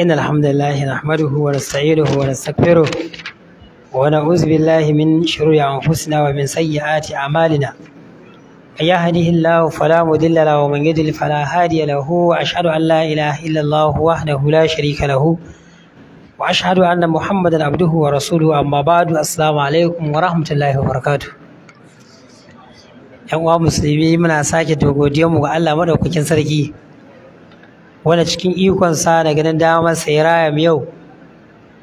إن الحمد لله نحمده ونستعينه ونستغفره ونعوذ بالله من شرور أنفسنا ومن سيئات أعمالنا من يهده الله فلا مضل له ومن يضلل فلا هادي له وأشهد أن لا إله إلا الله وحده لا شريك له وأشهد أن محمدا عبده ورسوله أما بعد السلام عليكم ورحمة الله وبركاته yan uwa musulmi muna sake to ga Allah maɗaukakin sarki wanda cikin ikonsa da ganin damar ya yau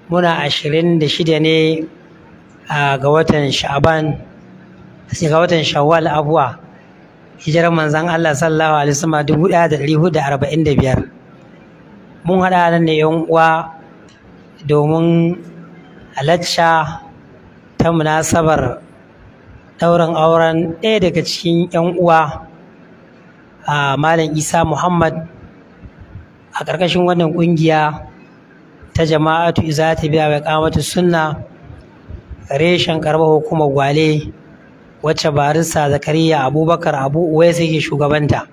muna ashirin da shida ne ga watan sha'aban ga watan shawwal abuwa hijirar manzan Allah sallallahu alaihi wasallam dubu ɗaya da ɗari huɗu da arba'in da biyar mun haɗa nan ne yan uwa domin halacca ta munasabar ɗaurin auren ɗaya daga cikin yan uwa a malam isa muhammad a ƙarƙashin wannan ƙungiya ta jama'atu za ta biya mai ƙamatu, suna reshen ƙarɓar hukumar gwale wacce barista zakariya abubakar abu uwais yake shugabanta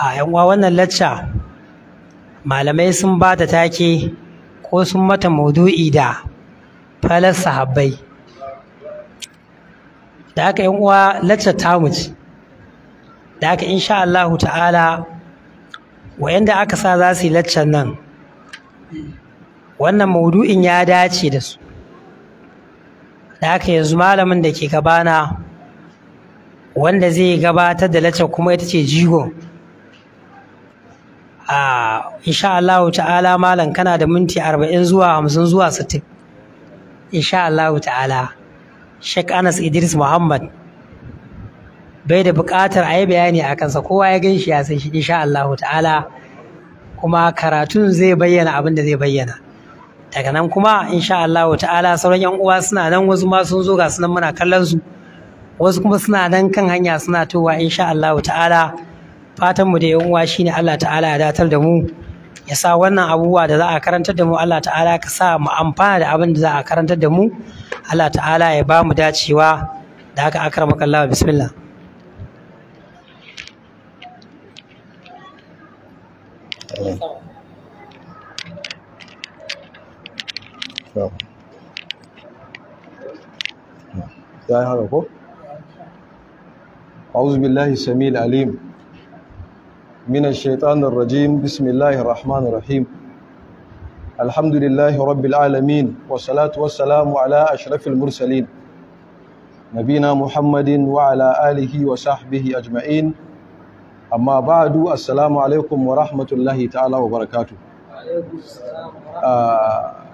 a yan uwa wannan lacca malamai sun ba ta take ko sun mata maudu'i da falar sahabbai da aka yan uwa lacca ta da aka insha Allahu ta'ala wa'yanda aka sa za su yi laccan nan wannan maudu'in ya dace da su da aka yanzu malamin da ke gabana wanda zai gabatar da laccan kuma ita ce jigo a insha Allah ta'ala malam kana da minti arba'in zuwa hamsin zuwa sittin insha Allah ta'ala Sheikh Anas Idris Muhammad bai da buƙatar a yi bayani a kansa kowa ya gan shi ya san shi insha Allah ta'ala kuma karatun zai bayyana abin da zai bayyana daga nan kuma insha Allah ta'ala sauran yan uwa suna nan wasu ma sun zo ga sunan muna kallon su wasu kuma suna nan kan hanya suna towa insha Allah ta'ala fatan mu da yan uwa shine Allah ta'ala ya datar da mu ya sa wannan abubuwa da za a karantar da mu Allah ta'ala ka sa mu amfana da abin da za a karantar da mu Allah ta'ala ya ba mu dacewa da haka akramaka bismillah ya haka ko? أعوذ بالله السميع العليم من الشيطان الرجيم بسم الله الرحمن الرحيم الحمد لله رب العالمين والصلاة والسلام على أشرف المرسلين نبينا محمد وعلى آله وصحبه أجمعين amma ba ba'du assalamu alaikum wa rahmatullahi ta'ala wa barakatu ah,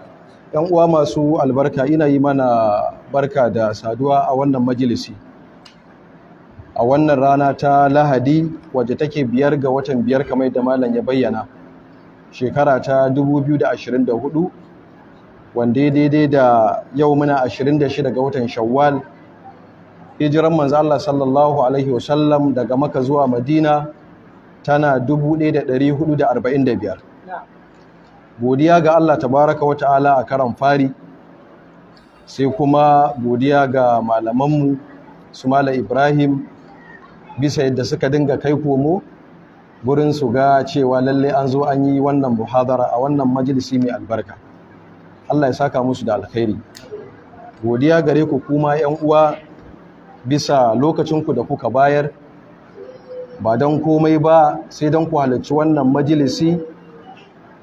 yan uwa masu albarka ina yi mana barka da saduwa a wannan majalisi a wannan rana ta lahadi wadda take biyar ga watan biyar kamar da malam ya bayyana shekara ta 2024 wanda daidai da yau muna 26 ga watan shawwal hijiran manzo Allah sallallahu alaihi wasallam daga maka zuwa madina tana 1445 godiya ga Allah tabaraka wa ta'ala a karan fari sai kuma godiya ga malamanmu su mala ibrahim bisa yadda suka dinga kai komo gurin su ga cewa lalle an zo an yi wannan buhadara a wannan majalisi mai albarka Allah ya saka musu da alkhairi godiya gare ku kuma yan uwa bisa lokacinku da kuka bayar ba don komai ba sai don ku halarci wannan majalisi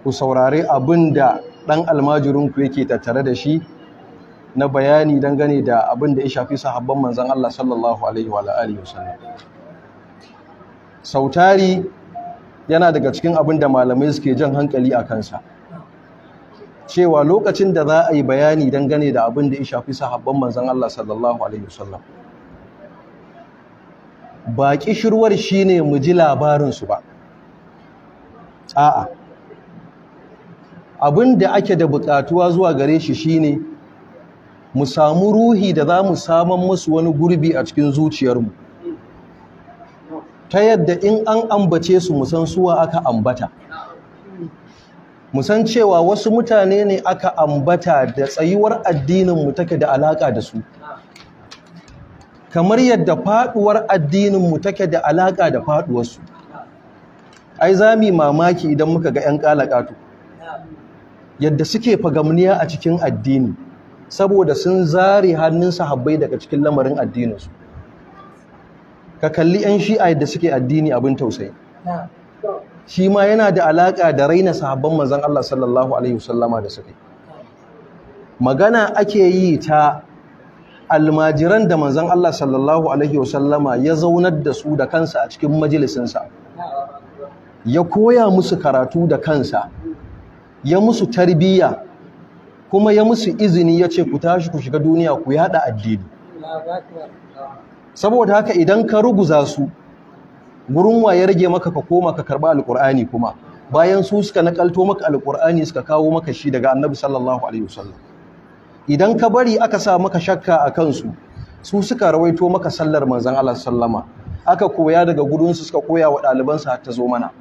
ku saurari abin da ɗan almajirinku yake tattare da shi na bayani dangane da abin da ya shafi sahabban manzan Allah sallallahu alaihi wa sautari yana daga cikin abin da malamai suke jan hankali a kansa cewa lokacin da za a yi bayani dangane da abin da ya shafi sahabban manzan Allah sallallahu alaihi wasallam ba kishirwar ne mu ji labarinsu ba a'a abin da ake da buƙatuwa zuwa gare shi shi ne, mu samu ruhi da za mu saman musu wani gurbi a cikin zuciyarmu ta yadda in an ambace su musan suwa aka ambata musan cewa wasu mutane ne aka ambata da tsayuwar addininmu take da alaƙa da su kamar yadda faduwar addininmu take da alaka da faduwarsu ai za mamaki idan muka ga 'yan kalakatu yadda suke fagamniya a cikin addini saboda sun zare hannun sahabbai daga cikin lamarin addininsu ka kalli 'yan shi'a yadda suke addini abin tausayi shi ma yana da alaka da raina sahabban manzon Allah sallallahu alaihi wasallama da suke magana ake yi ta almajiran da manzan Allah sallallahu alaihi wasallama ya zaunar da su da kansa a cikin majalisinsa ya koya musu karatu da kansa ya musu tarbiyya kuma ya musu izini ya ce ku tashi ku shiga duniya ku yada addini saboda haka idan ka ruguza su gurin wa ya rage maka ka koma ka karba alkur'ani kuma bayan su suka nakalto maka alkurani suka kawo maka shi daga annabi sallallahu alaihi wasallam idan ka bari aka sa maka shakka a kansu su suka rawaito maka sallar manzon Allah sallama aka koya daga gudunsu suka koya wa ɗalibansu har ta zo mana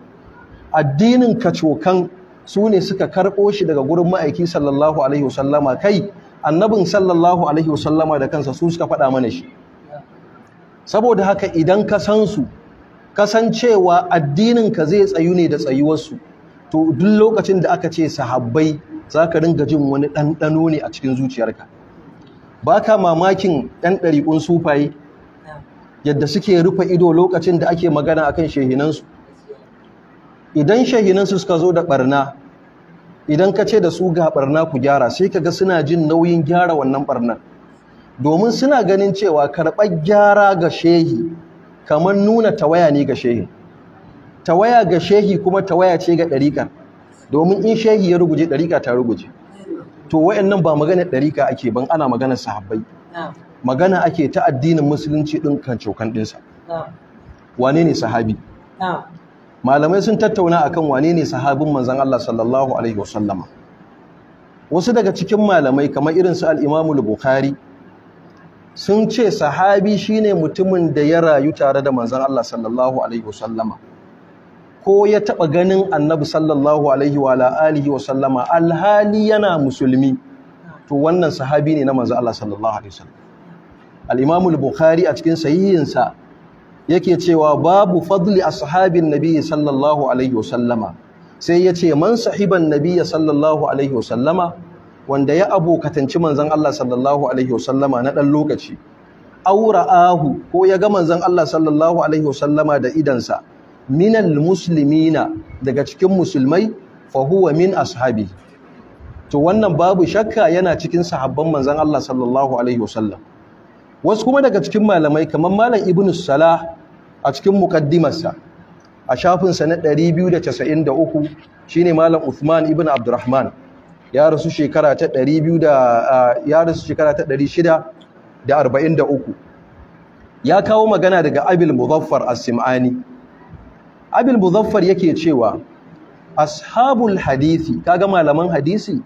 addinin ka cokan su ne suka karɓo shi daga gurin ma'aiki sallallahu alaihi wasallama kai annabin sallallahu alaihi wasallama da kansa su suka faɗa mana shi saboda haka idan ka san su kasancewa addinin ka zai tsayu ne da tsayuwarsu to duk lokacin da aka ce sahabbai za ka ringa jin wani ɗanɗano ne a cikin zuciyarka ba ka mamakin ɗan ɗariƙun sufaye yadda suke rufe ido lokacin da ake magana a kan shehinansu idan shehinansu suka zo da ɓarna idan ka ce da su ga ɓarna ku gyara sai ka ga suna jin nauyin gyara wannan ɓarnar domin suna ganin cewa karɓar gyara ga shehi kamar nuna tawaya ne ga shehi tawaya ga shehi kuma tawaya ce ga ɗariƙar domin in shehi ya ruguje ɗariƙa ta ruguje to wayannan ba magana ɗariƙa ake ban ana maganar sahabbai magana ake ta addinin musulunci ɗin kan cokan ɗinsa wane ne sahabi malamai sun tattauna akan wane ne sahabin manzon Allah sallallahu alaihi wasallama wasu daga cikin malamai kamar irin su al-Imam bukhari sun ce sahabi shine mutumin da ya rayu tare da manzon Allah sallallahu alaihi wasallama ko ya taɓa ganin annabi sallallahu alaihi wa alihi wa sallama alhali yana musulmi to wannan sahabi ne na manzo Allah sallallahu alaihi wasallam al al-Bukhari a cikin sahihinsa yake cewa babu fadli ashabin nabi sallallahu alaihi wasallama sai yace man sahiban nabi sallallahu alaihi wasallama wanda ya abokatanci manzon Allah sallallahu alaihi wasallama na dan lokaci Ahu ko ya ga manzon Allah sallallahu alaihi wasallama da idansa minal muslimina daga cikin musulmai fa huwa min ashabi to wannan babu shakka yana cikin sahabban manzon Allah sallallahu alaihi wasallam wasu kuma daga cikin malamai kamar malam ibnu salah a cikin muqaddimarsa a shafinsa na 293 shine malam Uthman ibn Abdurrahman ya rasu shekara ta 200 ya rasu shekara ta 643 ya kawo magana daga Abil Muzaffar As-Sim'ani abin muzaffar yake cewa ashabul hadisi kaga malaman hadisi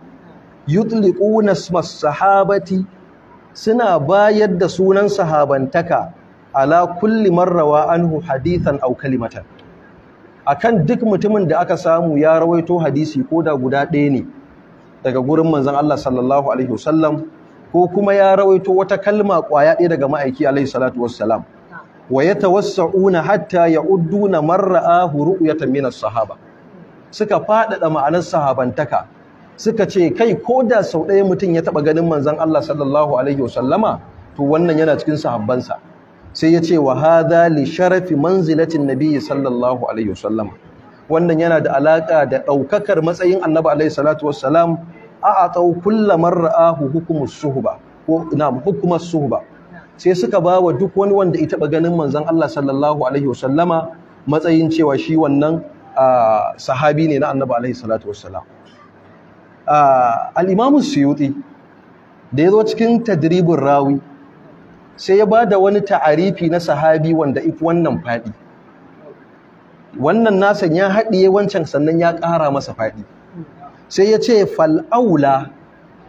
yutliquna sahabati suna bayar da sunan sahabantaka ala kulli marrawa anhu hadithan aw kalimatan akan duk mutumin da aka samu ya rawaito hadisi ko da guda ɗaya ne daga gurin manzon Allah sallallahu alaihi wasallam ko kuma ya rawaito wata kalma kwaya ɗaya daga ma'aiki alaihi salatu wassalam wa yatawassa'una hatta ya'udduna marra'ahu ru'yatan min as-sahaba suka faɗaɗa ma'anar sahabantaka suka ce kai ko da sau ɗaya mutum ya taɓa ganin manzon Allah sallallahu alaihi wasallama to wannan yana cikin sahabbansa sai ya ce wa hadha li sharafi manzilatin nabiyyi sallallahu alaihi wasallama wannan yana da alaka da ɗaukakar matsayin annabi alaihi salatu wassalam a atau kullu marra'ahu hukumus suhba ko na hukumus suhba sai suka ba wa duk wani wanda ita ba ganin manzan Allah sallallahu alaihi wasallama matsayin cewa shi wannan sahabi ne na annabi alaihi salatu wasallam. Al’imamun imamu suyuti da ya zo cikin tadribin rawi sai ya ba da wani ta'arifi na sahabi wanda if wannan faɗi wannan nasan ya haɗiye wancan sannan ya ƙara masa faɗi sai ya ce fal'aula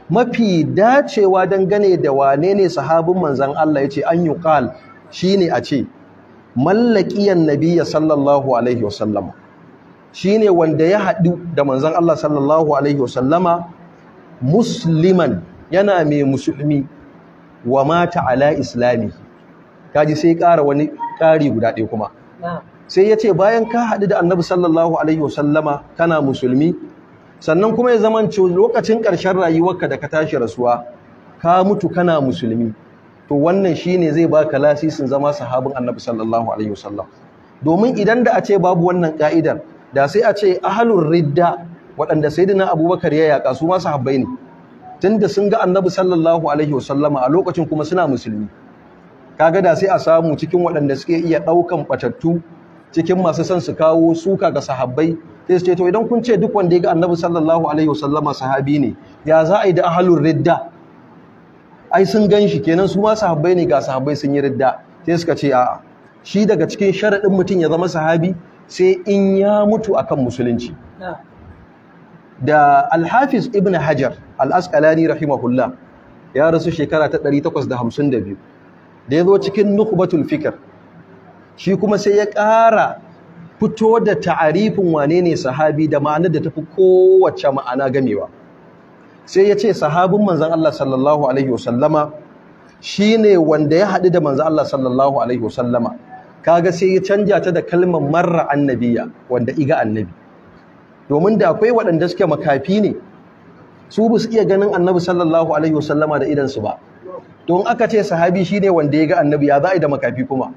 mafi dacewa don dangane da wane ne sahabin manzan Allah ya ce an shi shine a ce mallakiyan nabiyya sallallahu alaihi shi shine wanda ya haɗu da manzan Allah sallallahu alaihi wasallama musliman yana mai musulmi wa mata ala islami ji sai ƙara wani ƙari guda ɗaya kuma sai ya ce bayan ka haɗu da annabi sallallahu alaihi wasallama kana musulmi sannan kuma ya zaman lokacin ƙarshen rayuwarka da ka tashi rasuwa ka mutu kana musulmi to wannan shine zai baka lasisin zama sahabin annabi sallallahu alaihi wasallam domin idan da a ce babu wannan ka'idar da sai a ce ahlur ridda waɗanda sayyidina abubakar ya yaka su ma sahabbai ne tunda sun ga annabi sallallahu alaihi wasallam a lokacin kuma suna musulmi Ka ga da sai a samu cikin waɗanda suke iya ɗaukan ɓatattu cikin masu san su kawo suka ga sahabbai sai ce to idan kun ce duk wanda ya ga annabi sallallahu alaihi wasallama sahabi ne ya za a yi da ahlul ridda ai sun ganshi kenan su ma sahabbai ne ga sahabbai sun yi ridda sai suka ce a'a shi daga cikin sharaɗin mutum ya zama sahabi sai in ya mutu akan musulunci da alhafiz ibn hajar al'asƙalani rahimahullah ya rasu shekara ta 852 da ya zo cikin nukubatul fikir shi kuma sai ya ƙara fito da ta'arifin wane ne sahabi da ma'anar da tafi kowace ma'ana gamewa sai ya ce sahabin manzan Allah sallallahu alaihi wasallama shi ne wanda ya haɗu da manzan Allah sallallahu alaihi wasallama kaga sai ya canja ta da kalmar marra annabiya wanda iga annabi domin da akwai waɗanda suke makafi ne su ba su iya ganin annabi sallallahu alaihi wasallama da idansu ba don aka ce sahabi shi ne wanda ya ga annabi ya za a yi da makafi kuma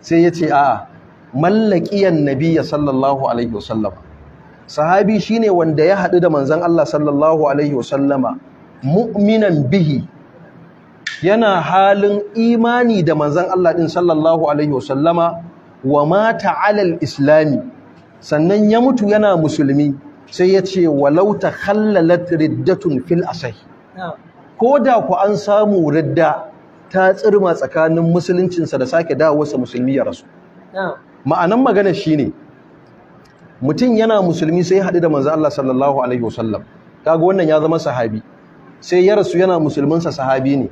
sai ya ce a'a mallakiyan nabiyya sallallahu alaihi wasallama sahabi shine wanda ya haɗu da manzan Allah sallallahu alaihi wasallama mu'minan bihi yana halin imani da manzon Allah din sallallahu alaihi wasallama wa mata alal islami sannan ya mutu yana musulmi sai ya ce walau ta khallalat riddatun fil ko da ku an samu ridda ta tsirma tsakanin musuluncinsa da sake dawowarsa musulmi ya rasu ma'anan magana shine mutum yana musulmi sai haɗu da manzo Allah sallallahu alaihi wasallam kaga wannan ya zama sahabi sai ya rasu yana musulmin sahabi ne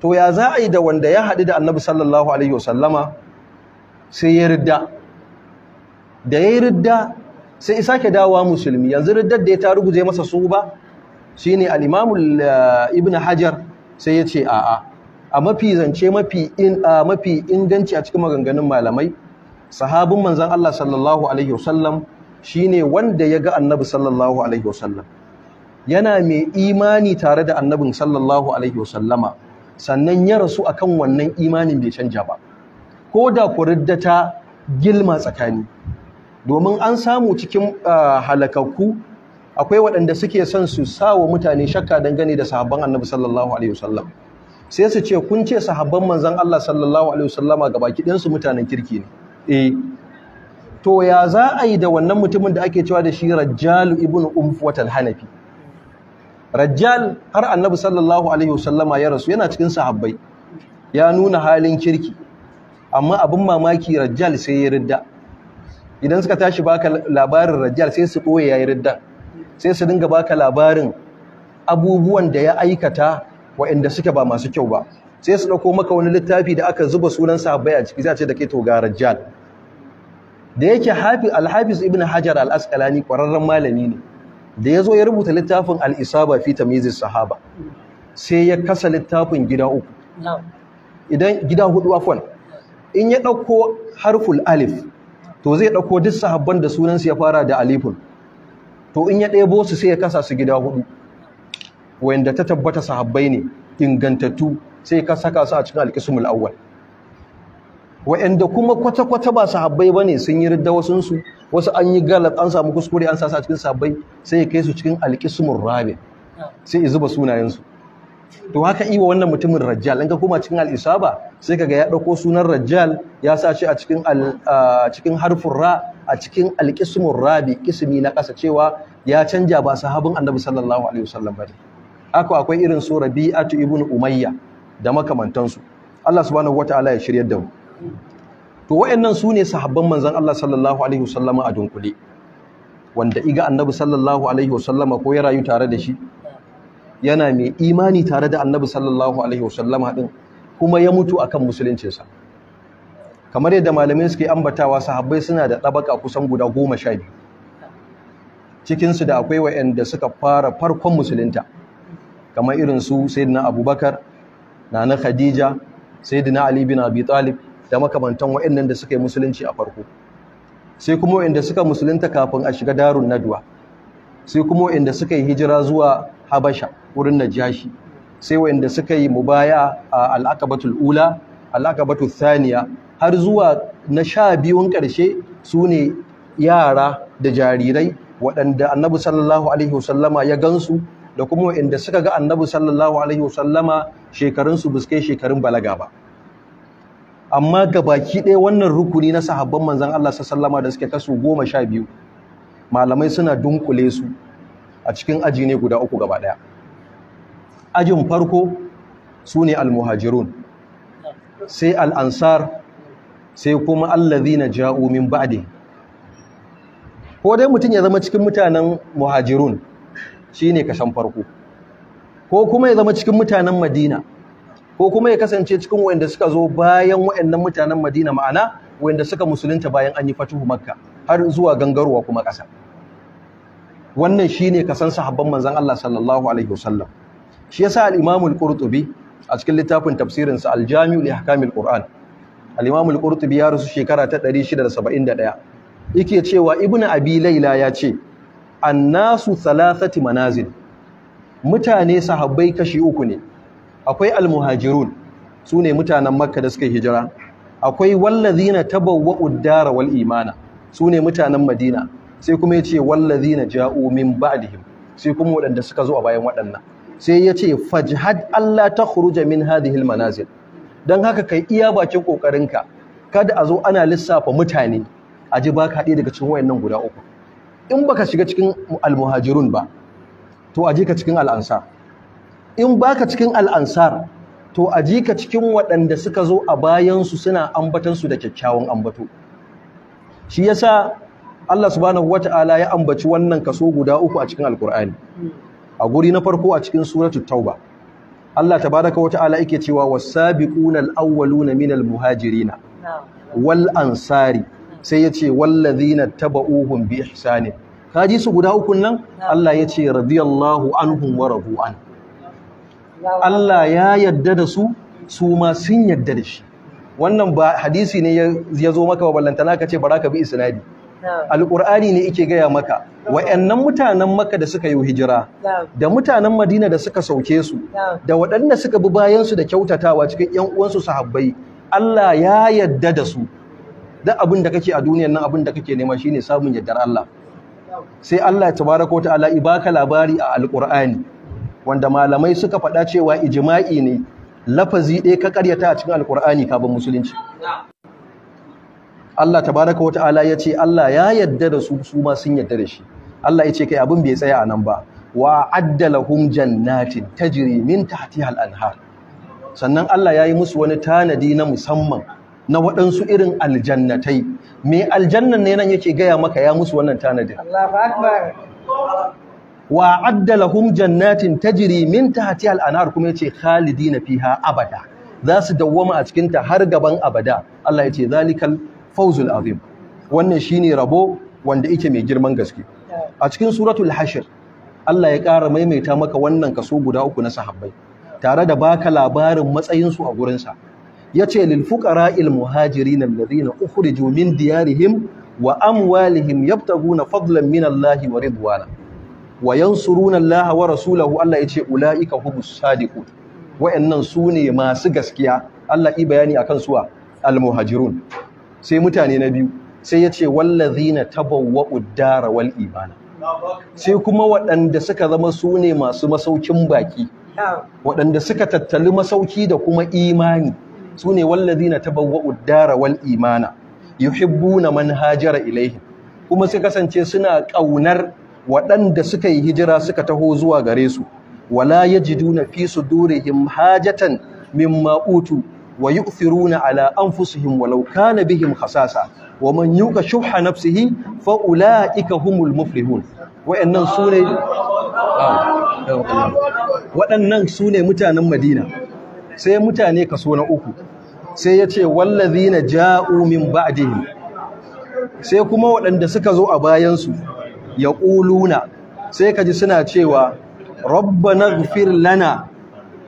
to ya za a yi da wanda ya haɗu da annabi sallallahu alaihi wasallama sai ya ridda da ya ridda sai isa ke dawowa musulmi yanzu riddar da ya ta guje masa su ba shine al-imamu eh, ibn hajar sai ya ce a'a a mafi zance mafi inganci a cikin maganganun malamai sahabin manzon Allah sallallahu alaihi wasallam shine wanda ya ga annabi sallallahu alaihi wasallam yana mai imani tare da annabin sallallahu alaihi wasallama sannan ya rasu a kan wannan imanin bai canja ba ko da kuridda ta gilma tsakani domin an samu cikin halakakku akwai waɗanda suke son su sawa mutane shakka dangane da sahabban annabi sallallahu alaihi wasallam sai su ce kun ce sahabban manzon Allah sallallahu alaihi wasallama gabaki ɗinsu mutanen kirki ne eh to ya za a yi da wannan mutumin da ake cewa da shi rajjalu ibn umfuwatal hanafi rajjal har annabi sallallahu alaihi wasallama ya rasu yana cikin sahabbai ya nuna halin kirki amma abin mamaki rajjal sai ya ridda idan suka tashi baka labarin rajjal sai su ɓoye ya yi ridda sai su dinga baka labarin abubuwan da ya aikata inda suke ba masu kyau ba sai su ɗauko maka wani littafi da aka zuba sunan sahabbai a ciki za a ce da kai to ga rajjal da yake hafi Alhafi su ibn hajar al ƙwararren kwararren malami ne da ya zo ya rubuta littafin al'isaba fi sahaba sai ya kasa littafin gida uku idan gida hudu afon in ya ɗauko harful alif to zai ɗauko duk sahabban da sunan su ya fara da alifun to in ya ɗebo su sai ya kasa su gida hudu wanda ta tabbata sahabbai ne ingantattu sai ka saka su a cikin alƙismul awwal wa'anda kuma kwata-kwata ba sahabbai bane sun yi ridda wasu wasu an yi galat an samu kuskure an sasa cikin sahabbai sai ya kai su cikin alƙismul rabi sai ya zuba sunayensu. to haka iwa wannan mutumin rajjal in ka kuma cikin al'isaba isaba sai kaga ya ɗauko sunan rajjal ya sa shi a cikin harfin ra a cikin alƙismul rabi kismi na ƙasa cewa ya canja ba sahabin annabi sallallahu alaihi wasallam bane haka akwai irin su rabi'atu ibnu umayya da makamantansu Allah subhanahu wataala ya shiryar da mu to wayannan sune sahabban manzan Allah sallallahu alaihi wasallama a dunkule wanda iga annabi sallallahu alaihi wasallama ko ya rayu tare da shi yana mai imani tare da annabi sallallahu alaihi wasallama din kuma ya mutu akan musuluncinsa kamar yadda malamin suke ambatawa sahabbai suna da ɗabaka kusan guda goma sha biyu cikinsu da akwai wayanda suka fara farkon musulunta kamar irin su sayyidina abubakar nana khadija sayyidina ali bin abi talib da makamantan wa'annan da suka yi musulunci a farko sai kuma waɗanda suka musulunta kafin a shiga darun nadwa sai kuma waɗanda suka yi hijira zuwa habasha wurin najashi sai waanda suka yi mubaya a al-aqabatul ula al-aqabatul thaniya har zuwa na sha biyun ƙarshe su ne yara da jarirai waɗanda annabi sallallahu alaihi wasallama ya gansu da kuma inda suka ga annabi sallallahu alaihi wasallama shekarunsu buske shekarun balaga ba amma ga baki ɗaya wannan rukuni na sahabban manzan Allah sallama da suke kaso goma sha biyu malamai suna dunkule su a cikin aji ne guda uku gaba ɗaya ajin farko su ne almuhajirun sai al'ansar sai kuma allazina ja'u min ba'di ko dai mutum ya zama cikin mutanen muhajirun shine kasan farko ko kuma ya zama cikin mutanen Madina ko kuma ya kasance cikin wanda suka zo bayan wayannan mutanen Madina ma'ana wanda suka musulunta bayan an yi fatuhu Makka har zuwa gangarwa kuma ƙasa wannan ne kasan sahabban manzan Allah sallallahu alaihi wasallam shi yasa al-Imam al-Qurtubi a cikin littafin tafsirin sa al-Jami' li ahkamil Qur'an al-Imam al-Qurtubi ya rasu shekara ta 671 yake cewa ibnu Abi Layla ya ce annasu thalathati manazil mutane sahabbai kashi uku ne akwai almuhajirun su ne mutanen makka da suka hijira akwai wallazina tabawwa'u dara wal imana su ne mutanen madina sai kuma ya ce wallazina ja'u min ba'dihim sai kuma waɗanda suka zo a bayan waɗannan sai yace ce fajhad Allah ta khuruja min hadhihi al manazil dan haka kai iya bakin kokarinka kada a zo ana lissafa mutane a ji baka hade daga cikin wayannan guda uku in baka shiga cikin almuhajirun ba to aje ka cikin al'ansar in baka cikin al'ansar to aje ka cikin waɗanda suka zo a bayansu suna ambatansu da kyakkyawan ambato shi yasa Allah subhanahu wata'ala ya ambaci wannan kaso guda uku a cikin alkur'ani a guri na farko a cikin suratul tauba Allah tabaraka wata'ala yake cewa was awwalu awwaluna minal muhajirina wal ansari sai ya ce wallazina taba'uhum bi sani ka ji su guda uku nan Allah ya ce radiyallahu anhum wa radu an Allah ya yadda da su su ma sun yadda da shi wannan ba hadisi ne ya zo maka ba ballantana ka ce baraka bi isnadi alqur'ani ne yake gaya maka wayannan mutanen maka da suka yi hijira da mutanen madina da suka sauke su da waɗanda suka bi bayan su da kyautatawa cikin yan uwansu sahabbai Allah ya yadda da su duk abin da kake a duniyar nan abin da kake nema shine samun yardar Allah sai Allah ya tabaraka wa ta'ala ibaka labari a alqur'ani wanda malamai suka faɗa cewa ijma'i ne lafazi ɗaya ka ƙaryata a cikin alqur'ani ka ban musulunci Allah tabaraka wa ta'ala ya ce Allah ya yarda da su su ma sun yarda da shi Allah ya ce kai abin bai tsaya a nan ba wa addalahum jannatin tajri min tahtiha al-anhar sannan Allah ya yi musu wani tanadi na musamman na waɗansu irin aljannatai me aljannan ne nan yake gaya maka ya musu wannan tanadin wa adda lahum jannatin tajri min tahtiha al-anhar kuma yace khalidina fiha abada za su dawwama a cikin ta har gaban abada Allah yace zalikal fawzul azim wannan shine rabo wanda yake mai girman gaske a cikin suratul hashr Allah ya ƙara maimaita maka wannan kaso guda uku na sahabbai tare da baka labarin matsayinsu a gurinsa sa yace lil fuqara'il muhajirin uku ukhriju min diyarihim wa amwalihim yabtaguna fadlan min Allah wa ridwana wa yansuruna Allah wa rasulahu Allah yace ulaika humus sadiqun wa'annan sune masu gaskiya Allah yi bayani akan suwa almuhajirun sai mutane na biyu sai yace wallazina tabawwa'ud dara wal imana sai kuma waɗanda suka zama sune masu masaukin baki waɗanda suka tattali masauki da kuma imani ne wallazina tabawwa'u dara wal imana yuhibbuna man hajara ilaihim kuma su kasance suna kaunar waɗanda suka yi hijira suka taho zuwa gare su wala yajiduna fi sudurihim hajatan mimma utu wa yu'thiruna ala anfusihim walau kana bihim khasasa wa man yuka shuhha nafsihi fa ulaika humul muflihun wayannan sune waɗannan ne mutanen Madina sai mutane kaso na uku sai ya ce na ja'u min ba'dihim sai kuma waɗanda suka zo a bayansu ya ƙuluna sai ka ji suna cewa na gfir lana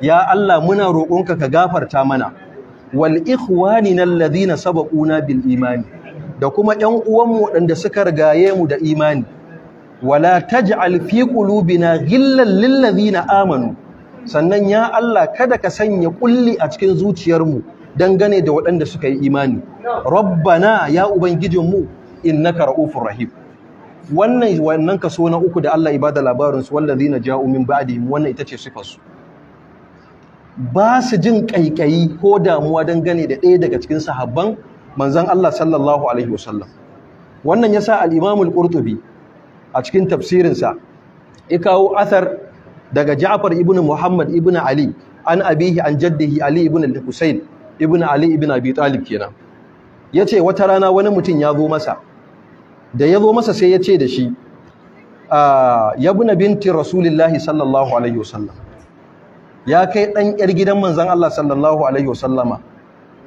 ya Allah muna roƙonka ka gafarta mana wal na saba sabaquna bil imani da kuma yan uwanmu waɗanda suka rigaye mu da imani wala ta alfi ƙulubi na gillan lalazi na amanu sannan ya Allah kada ka sanya ƙulli a cikin zuciyarmu dangane da waɗanda suka yi imani rabbana ya ubangijinmu innaka ra'ufur rahim wannan wannan kaso na uku da Allah ibada labarin su wallazina ja'u min ba'dihim wannan ita ce sifar su ba su jin kaikayi ko damuwa dangane da ɗaya daga cikin sahabban manzon Allah sallallahu alaihi wasallam wannan yasa al-Imam al-Qurtubi a cikin tafsirin sa ya kawo athar daga Ja'far ibn Muhammad ibn Ali an abihi an jaddihi Ali ibn al-Husayn ibn ali ibn abi talib kenan yace wata rana wani mutum ya zo masa da ya zo masa sai ya ce da shi ah, ya buna binti rasulullahi sallallahu alaihi wasallam ya kai ɗan yar gidan manzon Allah sallallahu alaihi wasallama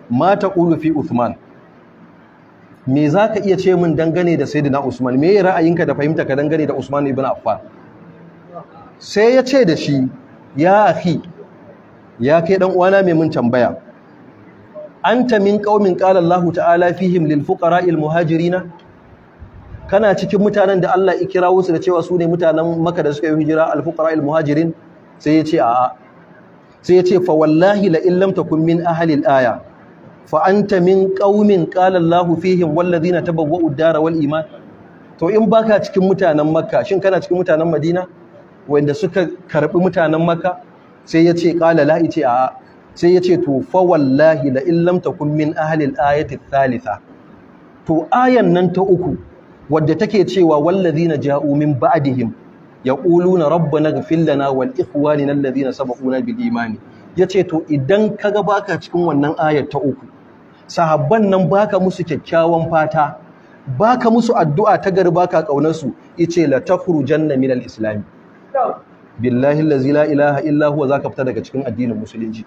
ma taqulu fi uthman me zaka iya ce min dangane da sayyidina usman me ra'ayinka da fahimta ka dangane da usman ibn affan sai ya ce da shi ya akhi ya kai ɗan uwana mai mun tambaya anta min qaumin qala Allahu ta'ala fihim lil fuqara'il muhajirina kana cikin mutanen da Allah ya kirawo su da cewa su ne mutanen Makka da suka yi hijira al fuqara'il muhajirin sai ya ce a'a sai ya ce fa wallahi la illam takun min ahli al aya fa anta min qaumin qala Allahu fihim wal ladina tabawwa'u dara wal iman to in baka cikin mutanen Makka shin kana cikin mutanen Madina wanda suka karbi mutanen Makka sai ya ce qala la a'a sai ya ce to fa wallahi la illam takun min ahli al-ayati thalitha to ayan nan ta uku wadda take cewa wallazina ja'u min ba'dihim yaquluna rabbana ighfir lana wal ikhwanina alladhina sabaquna bil imani yace to idan kaga baka cikin wannan ayar ta uku sahabban nan baka musu kyakkyawan fata baka musu addu'a ta gari baka kaunar su yace la takhrujanna min al-islam billahi allazi la ilaha illa huwa zaka fita daga cikin addinin musulunci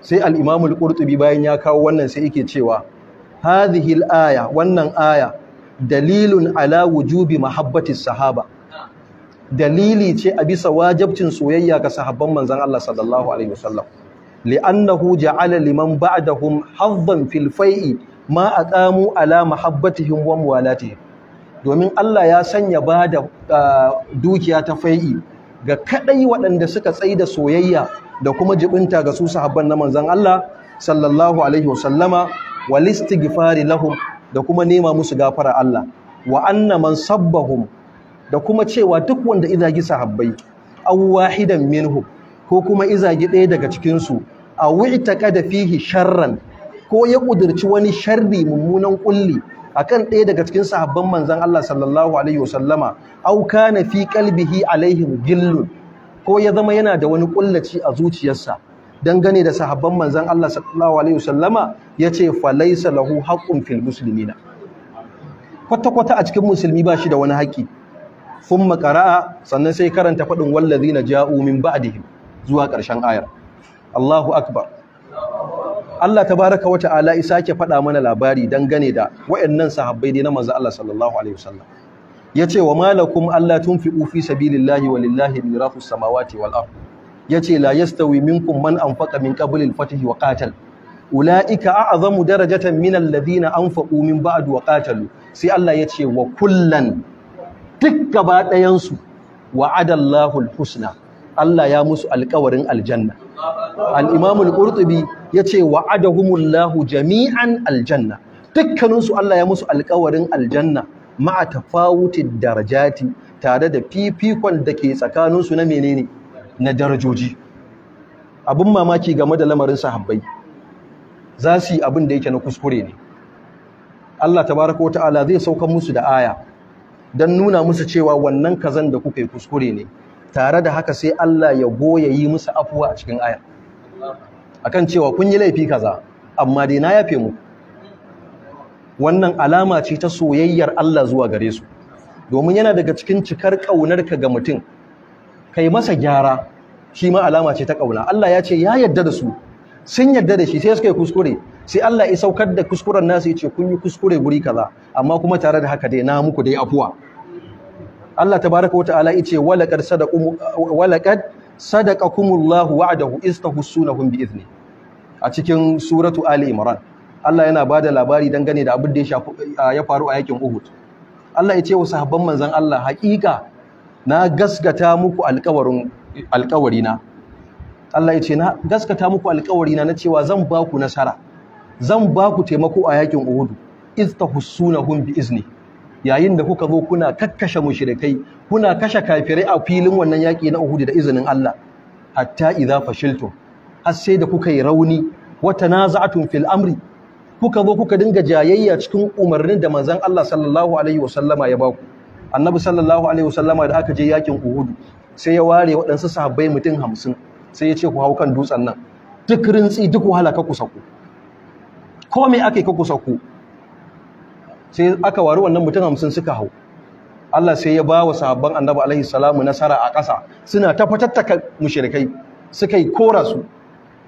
sai al-imam al bayan ya kawo wannan sai yake cewa hadhihi al-aya wannan aya dalilun ala wujubi mahabbati sahaba dalili ce a bisa wajibcin soyayya ga sahabban manzon Allah sallallahu alaihi wasallam li'annahu ja'ala liman ba'dahum haddan fil fai'i ma aqamu ala mahabbatihim wa muwalatihim domin Allah ya sanya ba da ah, dukiya ta fai'i ga kaɗai waɗanda suka tsayi da soyayya da kuma jibinta ga su sahabban na manzon Allah sallallahu alaihi wasallama wal istighfari lahum da kuma nema musu gafara Allah wa anna man sabbahum da kuma cewa duk wanda izagi sahabbai aw wahidan minhum ko kuma izagi ɗaya daga cikin su a wi'taqada fihi sharran ko ya ƙudirci wani sharri mummunan kulli akan ɗaya daga cikin sahabban manzon Allah sallallahu alaihi wasallama au kana fi qalbihi alaihim gillun ko ya zama yana da wani kullaci a zuciyarsa dangane da sahabban manzon Allah sallallahu alaihi wasallama yace falaysa lahu haqqun fil muslimina kwata kwata a cikin musulmi ba shi da wani haƙi thumma qara'a sannan sai karanta fadin wallazina ja'u min ba'dihim zuwa ƙarshen ayar Allahu akbar Allah tabaraka wata'ala isa ke faɗa mana labari dangane da waɗannan sahabbai dai na manzo Allah sallallahu alaihi wasallam yace wa malakum allah tunfiqu fi sabilillahi walillahi mirathus samawati wal ard yace la yastawi minkum man anfaqa min qabli al-fath wa qatal ulaika a'zamu darajatan min alladhina anfaqu min ba'd wa qatalu sai Allah yace wa kullan duk gaba ɗayan su wa'adallahu al-husna Allah ya musu alƙawarin aljanna al-Imam al-Qurtubi yace wa'adahumullahu jami'an aljanna dukkaninsu Allah ya musu alƙawarin aljanna ma'a tafawutid darajati tare da fifikon da ke tsakaninsu na menene na darajoji abin mamaki game da lamarin sahabbai za su yi abin da yake na kuskure ne Allah tabaraka wa ta'ala zai sauka musu da aya don nuna musu cewa wannan kazan da kuka yi kuskure ne tare da haka sai Allah ya goya yi musu afuwa a cikin aya akan cewa kun yi laifi kaza amma dai na yafe mu wannan alama ce ta soyayyar Allah zuwa gare su domin yana daga cikin cikar ka ga mutum kai masa gyara shi ma alama ce ta ƙauna Allah ya ce ya yadda da su sun yadda da shi sai suka yi kuskure sai Allah ya saukar da kuskuren nasu ya ce kun yi kuskure guri kaza amma kuma tare da haka dai na muku dai afuwa Allah tabaraka wa ta'ala yace walaqad sadaqum walaqad sadaqakumullahu wa'dahu istahussunahum bi'izni a cikin suratu ali imran Allah yana ba da labari dangane da abin da ya faru a yakin Uhud Allah yace wa sahabban manzon Allah haƙiƙa na gaskata muku alƙawarin na. Allah yace na gaskata muku alƙawarina na cewa zan ba ku nasara zan ba ku taimako a yakin Uhud istahussunahum bi'izni yayin da kuka zo kuna kakkashe mushrikai kuna kashe kafirai a filin wannan yaki na Uhud da izinin Allah hatta idza fashiltum har sai da kuka yi rauni wa tanaza'tum fil amri kuka zo kuka dinga jayayya cikin umarnin da manzon Allah sallallahu alaihi wasallama ya baku annabi sallallahu alaihi wasallama da aka je yakin Uhud sai ya ware waɗansu sahabbai mutum hamsin sai ya ce ku hau kan dutsen nan duk rintsi duk wahala ka ku sako ko me ake ka ku sai aka wari wannan mutum hamsin suka hau Allah sai ya ba wa sahabban annabi alaihi salamu nasara a ƙasa suna ta fatattaka mushrikai suka yi kora su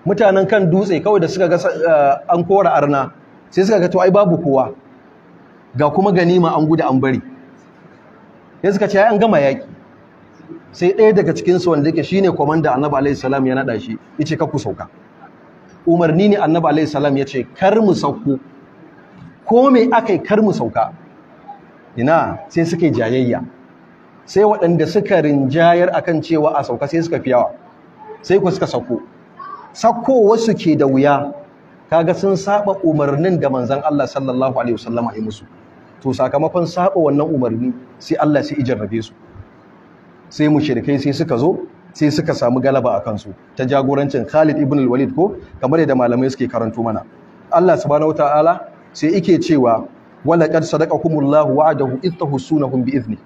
mutanen kan dutse kawai da suka ga eh, an kora arna sai suka ga to ai babu kowa ga kuma ganima an gudu an bari sai suka ce ai an gama yaki sai ɗaya daga cikin su wanda yake shine komanda annabi alaihi salamu ya nada shi yace ka ku sauka umarni ne annabi alaihi ya yace kar mu sauko Kome aka yi kar mu sauka ina sai suka jayayya sai waɗanda suka rinjayar akan cewa a sauka sai suka fi yawa sai ku suka sako sako wasu ke da wuya kaga sun saba umarnin da manzon Allah sallallahu alaihi wasallam yi musu to sakamakon saba wannan umarni sai Allah sai ijarrabe su sai mushrikai sai suka zo sai suka samu galaba a kansu ta jagorancin Khalid ibn al-Walid ko kamar yadda malamai suke karanto mana Allah subhanahu ta'ala sai ike cewa wala sadaka sadaqakumullahu wa'adahu idh tahsunahum bi idhni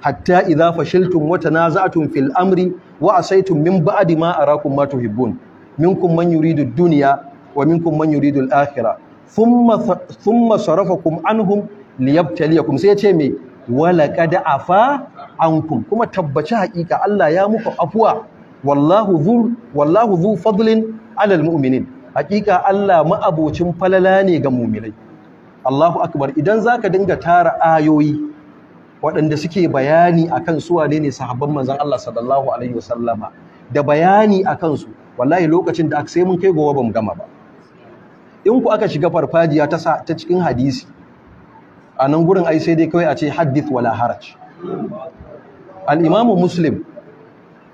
hatta idza fashiltum wa tanaza'tum fil amri wa asaytum min ba'di ma arakum ma tuhibbun minkum man yuridu ad-dunya wa minkum man yuridu al-akhirah thumma thumma sarafakum anhum liyabtaliyakum sai ya ce me wala qad afa ankum kuma tabbaci haƙiƙa Allah ya muku afuwa wallahu dhul wallahu dhu fadlin 'alal mu'minin haƙiƙa Allah ma'abocin falala ne ga mu'minai Allahu akbar idan zaka dinga tara ayoyi waɗanda suke bayani akan su wane ne sahabban manzon Allah sallallahu alaihi wasallama da bayani akan su wallahi lokacin da aka sai mun kai gowa mu gama ba in ku aka shiga farfajiya ta cikin hadisi a nan gurin ai sai dai kawai a ce hadith wala haraj al-imamu muslim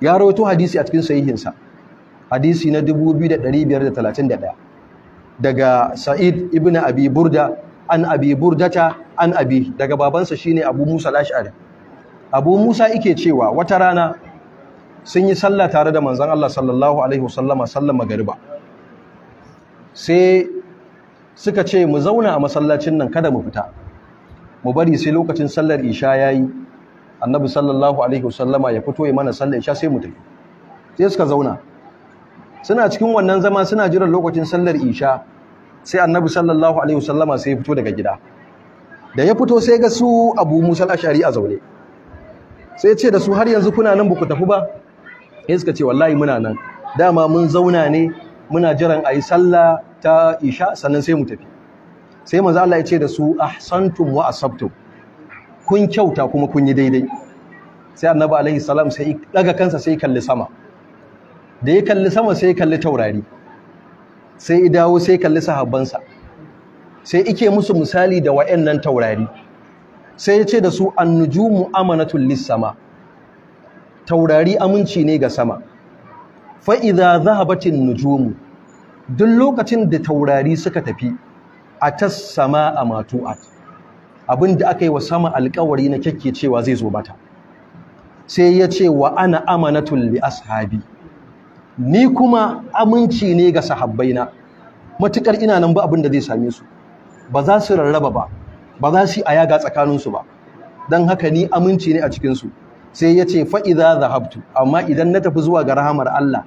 ya rawaito hadisi a cikin sahihinsa hadisi na 2531 daga sa'id ibn abi burda an abi burdata an abi daga babansa shine abu musa lashari abu musa ike cewa wata rana sun yi sallah tare da manzan Allah sallallahu alaihi wasallama sallar magariba sai suka ce mu zauna a masallacin nan kada mu fita mu bari sai lokacin sallar isha yayi annabi sallallahu alaihi wasallama ya fito ya mana sallar isha sai mu tafi sai suka zauna suna cikin wannan zama suna jiran lokacin sallar isha sai annabi sallallahu alaihi wasallama sai ya fito daga gida da ya fito sai ga su abu musa ashari a zaune sai ya ce da su har yanzu kuna nan ku tafi ba sai suka ce wallahi muna nan dama mun zauna ne muna jiran ayi sallah ta isha sannan sai mu tafi sai manzo Allah ya ce da su ahsantum wa asabtum kun kyauta kuma kun yi daidai sai annabi alaihi salam sai daga kansa sai kalli sama da ya kalli sama sai kalli taurari sai dawo sai kalli sahabbansa sai ike musu misali da wa'yan nan taurari sai ya ce da su an annujumu amanatul lissama taurari aminci ne ga sama a idza nuju nujumu duk lokacin da taurari suka tafi a a samaa a abin da aka yi wa sama alkawari na kyakkyacewa zai zo bata sai ya ce wa ana amanatun li ashabi ni kuma aminci ne ga sahabbaina matukar ina nan ba abin da zai same su ba za su rarraba ba ba za su yi ayaga tsakaninsu ba don haka ni aminci ne a cikinsu sai ya ce fa'iza zahabtu amma idan na tafi zuwa ga rahamar Allah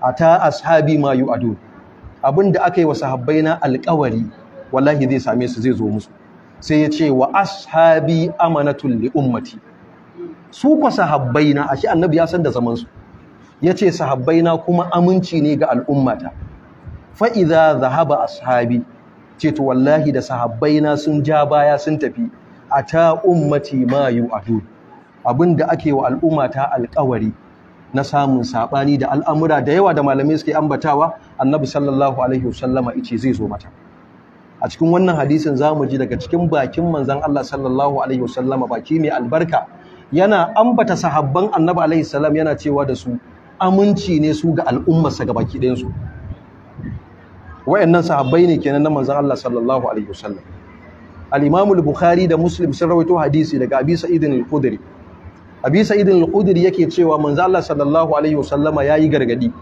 a ta ashabi ma yi ado abin da aka yi wa sahabbaina na alkawari wallahi zai same su zai zo musu sai ya ce wa ashabi amanatul li ummati su kwa sahabbai na ashe annabi ya san da zamansu Ya sahabbai sahabbaina kuma aminci ne ga al'ummata fa idza dhahaba ashabi ce to wallahi da sahabbaina sun ja baya sun tafi a ata ummati ma yu'adun abinda ake wa al'ummata alƙawari na samun saɓani da al'amura da yawa da malamai suke ambatawa annabi sallallahu alaihi wasallama ice zai zo mata a cikin wannan hadisin zamu ji daga cikin bakin manzan Allah sallallahu alaihi wasallama baki mai albarka yana ambata sahabban annabi alaihi salam yana cewa da su aminci ne su ga al'ummarsa ga baki ɗayansu wa'annan sahabbai ne kenan na manzon Allah sallallahu alaihi wasallam al-Imam al-Bukhari da Muslim sun rawaito hadisi daga Abi Sa'id al-Khudri Abi Sa'id al-Khudri yake cewa manzon Allah sallallahu alaihi wasallama yayi gargadi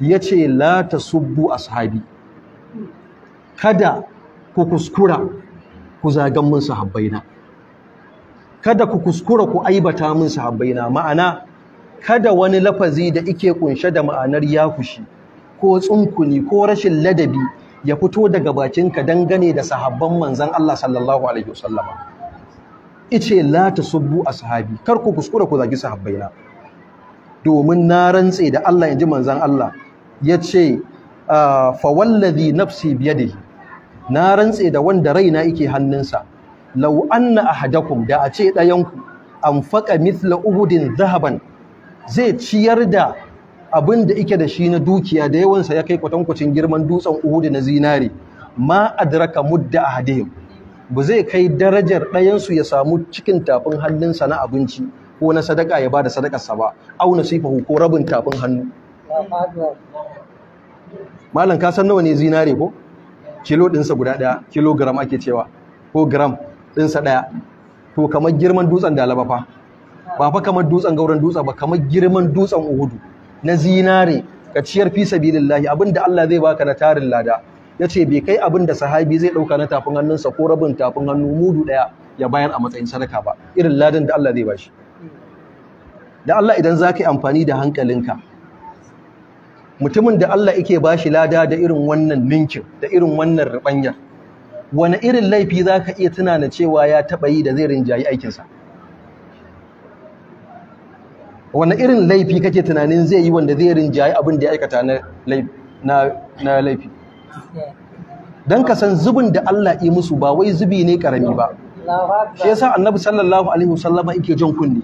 yace la tasubbu ashabi kada ku kuskura ku zagan mun sahabbaina kada ku kuskura ku aibata mun sahabbaina ma'ana kada wani lafazi da ike kunshe da ma'anar ya yakushi ko tsunkuni ko rashin ladabi ya fito daga bakinka dangane da sahabban manzan Allah sallallahu alaihi wasallama ice la tasubbu ashabi kar ku kuskura ku zagi sahabbaina domin na rantse da Allah inji manzan Allah yace fa wallazi nafsi biyadihi na rantse da wanda raina yake hannunsa law anna ahadakum da a ce dayanku an faqa mithla uhudin zahaban zai ciyar da abin da ike da shi na dukiya da yawansa ya kai kwatankwacin girman dutsen uhudu na zinare ma adraka mudda ahadihim ba zai kai darajar ɗayansu ya samu cikin tafin hannunsa na abinci ko na sadaka ya ba da sadakarsa ba au nasifahu ko rabin tafin hannu malam ka san nawa ne zinare ko kilo ɗinsa guda ɗaya kilogram ake cewa ko gram ɗinsa ɗaya to kamar girman dutsen dalaba fa ba fa kamar dutsen gauran dutse ba kamar girman dutsen uhudu na zinare ka ciyar fi sabilillahi abinda Allah zai baka na tarin lada ya ce bai kai abin da sahabi zai ɗauka na tafin hannunsa ko rabin tafin hannu mudu ɗaya ya bayar a matsayin sadaka ba irin ladan da Allah zai bashi da Allah idan zaka yi amfani da hankalinka mutumin da Allah yake bashi lada da irin wannan ninkin da irin wannan rubanyar wani irin laifi zaka iya tunana cewa ya taɓa yi da zai rinjayi aikinsa wani irin laifi kake tunanin zai yi wanda zai rinjaye abin da ya aikata na laifi don ka san zubin da Allah yi musu ba wai zubi ne karami ba shi yasa annabi sallallahu alaihi wasallama yake jan kunne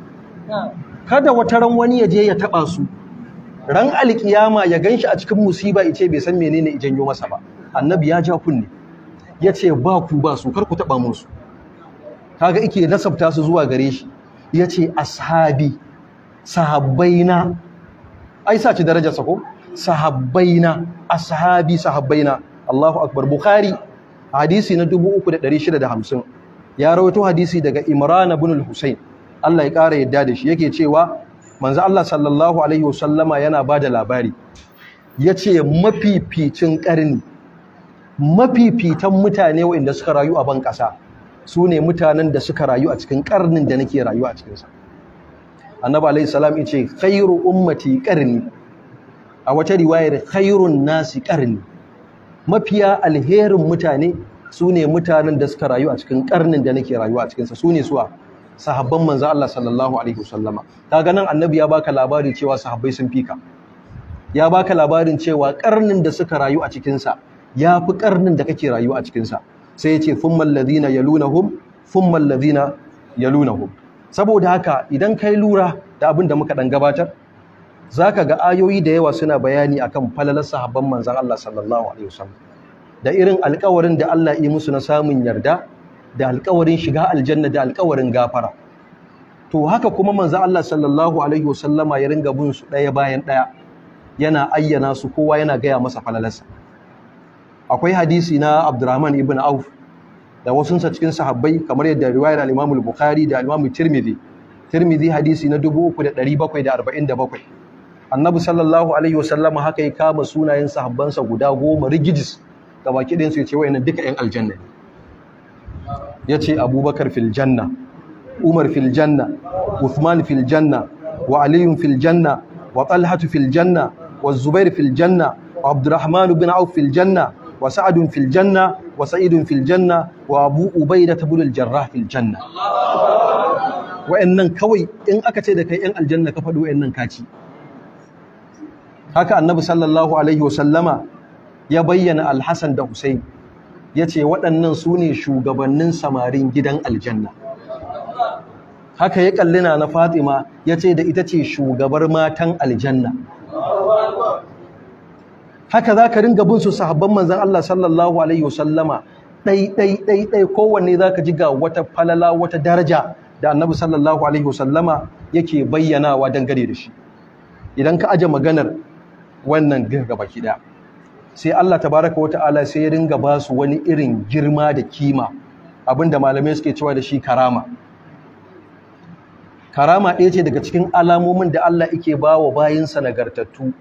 kada wata ran wani ya je ya taba su ran alkiyama ya ganshi a cikin musiba yace bai san menene ya janyo masa ba annabi ya ja kunne yace ba ku ba su kar ku taba musu kaga yake nasabta su zuwa gare shi Ya ce ashabi sahabbaina ai sa ci darajarsa ko sahabbaina ashabi sahabbaina Allahu akbar Bukhari hadisi na 3650 ya rawaito hadisi daga Imran ibn al-Husayn Allah ya kara yadda da shi yake cewa manzo Allah sallallahu alaihi wasallama yana bada labari yace mafificin karni mafifitan mutane waɗanda suka rayu a ban ƙasa sune mutanen da suka rayu a cikin karnin da nake rayuwa a cikinsa. sa annabi alaihi salam yace khairu ummati qarni a wata riwayar khairun nasi qarni mafiya alherin mutane sune mutanen da suka rayu a cikin karnin da nake rayuwa a cikin sa sune suwa sahabban manzo Allah sallallahu alaihi wasallama kaga nan annabi ya baka labarin cewa sahabbai sun fika ya baka labarin cewa karnin da suka rayu a cikin sa yafi karnin da kake rayuwa a cikin sa sai yace thumma alladhina yalunahum thumma alladhina yalunahum saboda haka idan kai lura da abin da muka dan gabatar zaka ga ayoyi da yawa suna bayani akan falalar sahabban manzon Allah sallallahu alaihi wasallam da irin alƙawarin da Allah yi musu na samun yarda da alƙawarin shiga aljanna da alƙawarin gafara to haka kuma manzon Allah sallallahu alaihi wasallama ya ringa bin su ɗaya bayan ɗaya yana ayyana su kowa yana gaya masa falalarsa akwai hadisi na Abdurrahman ibn Auf da wasu sa cikin sahabbai kamar yadda riwayar al-Imam al-Bukhari da al-Imam Tirmidhi Tirmidhi hadisi na 3747 Annabi sallallahu alaihi wasallam haka ya kama sunayen sahabbansa guda goma rigidis ga baki ɗayan su ya ce wayannan duka ƴan aljanna ya ce Abubakar fil janna Umar fil janna Uthman fil janna wa Ali fil janna wa Talha fil janna wa Zubair fil janna wa Abdurrahman bin Auf fil janna wa Sa'd fil janna wa Sa'id fil janna wa abu ubaida ta bulul jarrah janna wa'annan kawai in aka ce da kai yan aljanna ka faɗi wa'annan kaci haka annabi sallallahu alaihi wasallama ya bayyana alhassan da husain ya ce waɗannan su ne shugabannin samarin gidan aljanna haka ya kallina na fatima ya ce da ita ce shugabar matan aljanna haka za ka ringa bin su sahabban manzan Allah sallallahu alaihi wasallama ɗai ɗai kowanne za ka ji ga wata falala wata daraja da annabi sallallahu alaihi wasallama yake bayyanawa dangane da shi idan ka aje maganar wannan gaba ki sai Allah tabaraka wa ta'ala sai ya ringa ba su wani irin girma da kima abinda malamai suke cewa da shi karama karama ɗaya ce daga cikin alamomin da Allah yake ba wa bayinsa nagartattu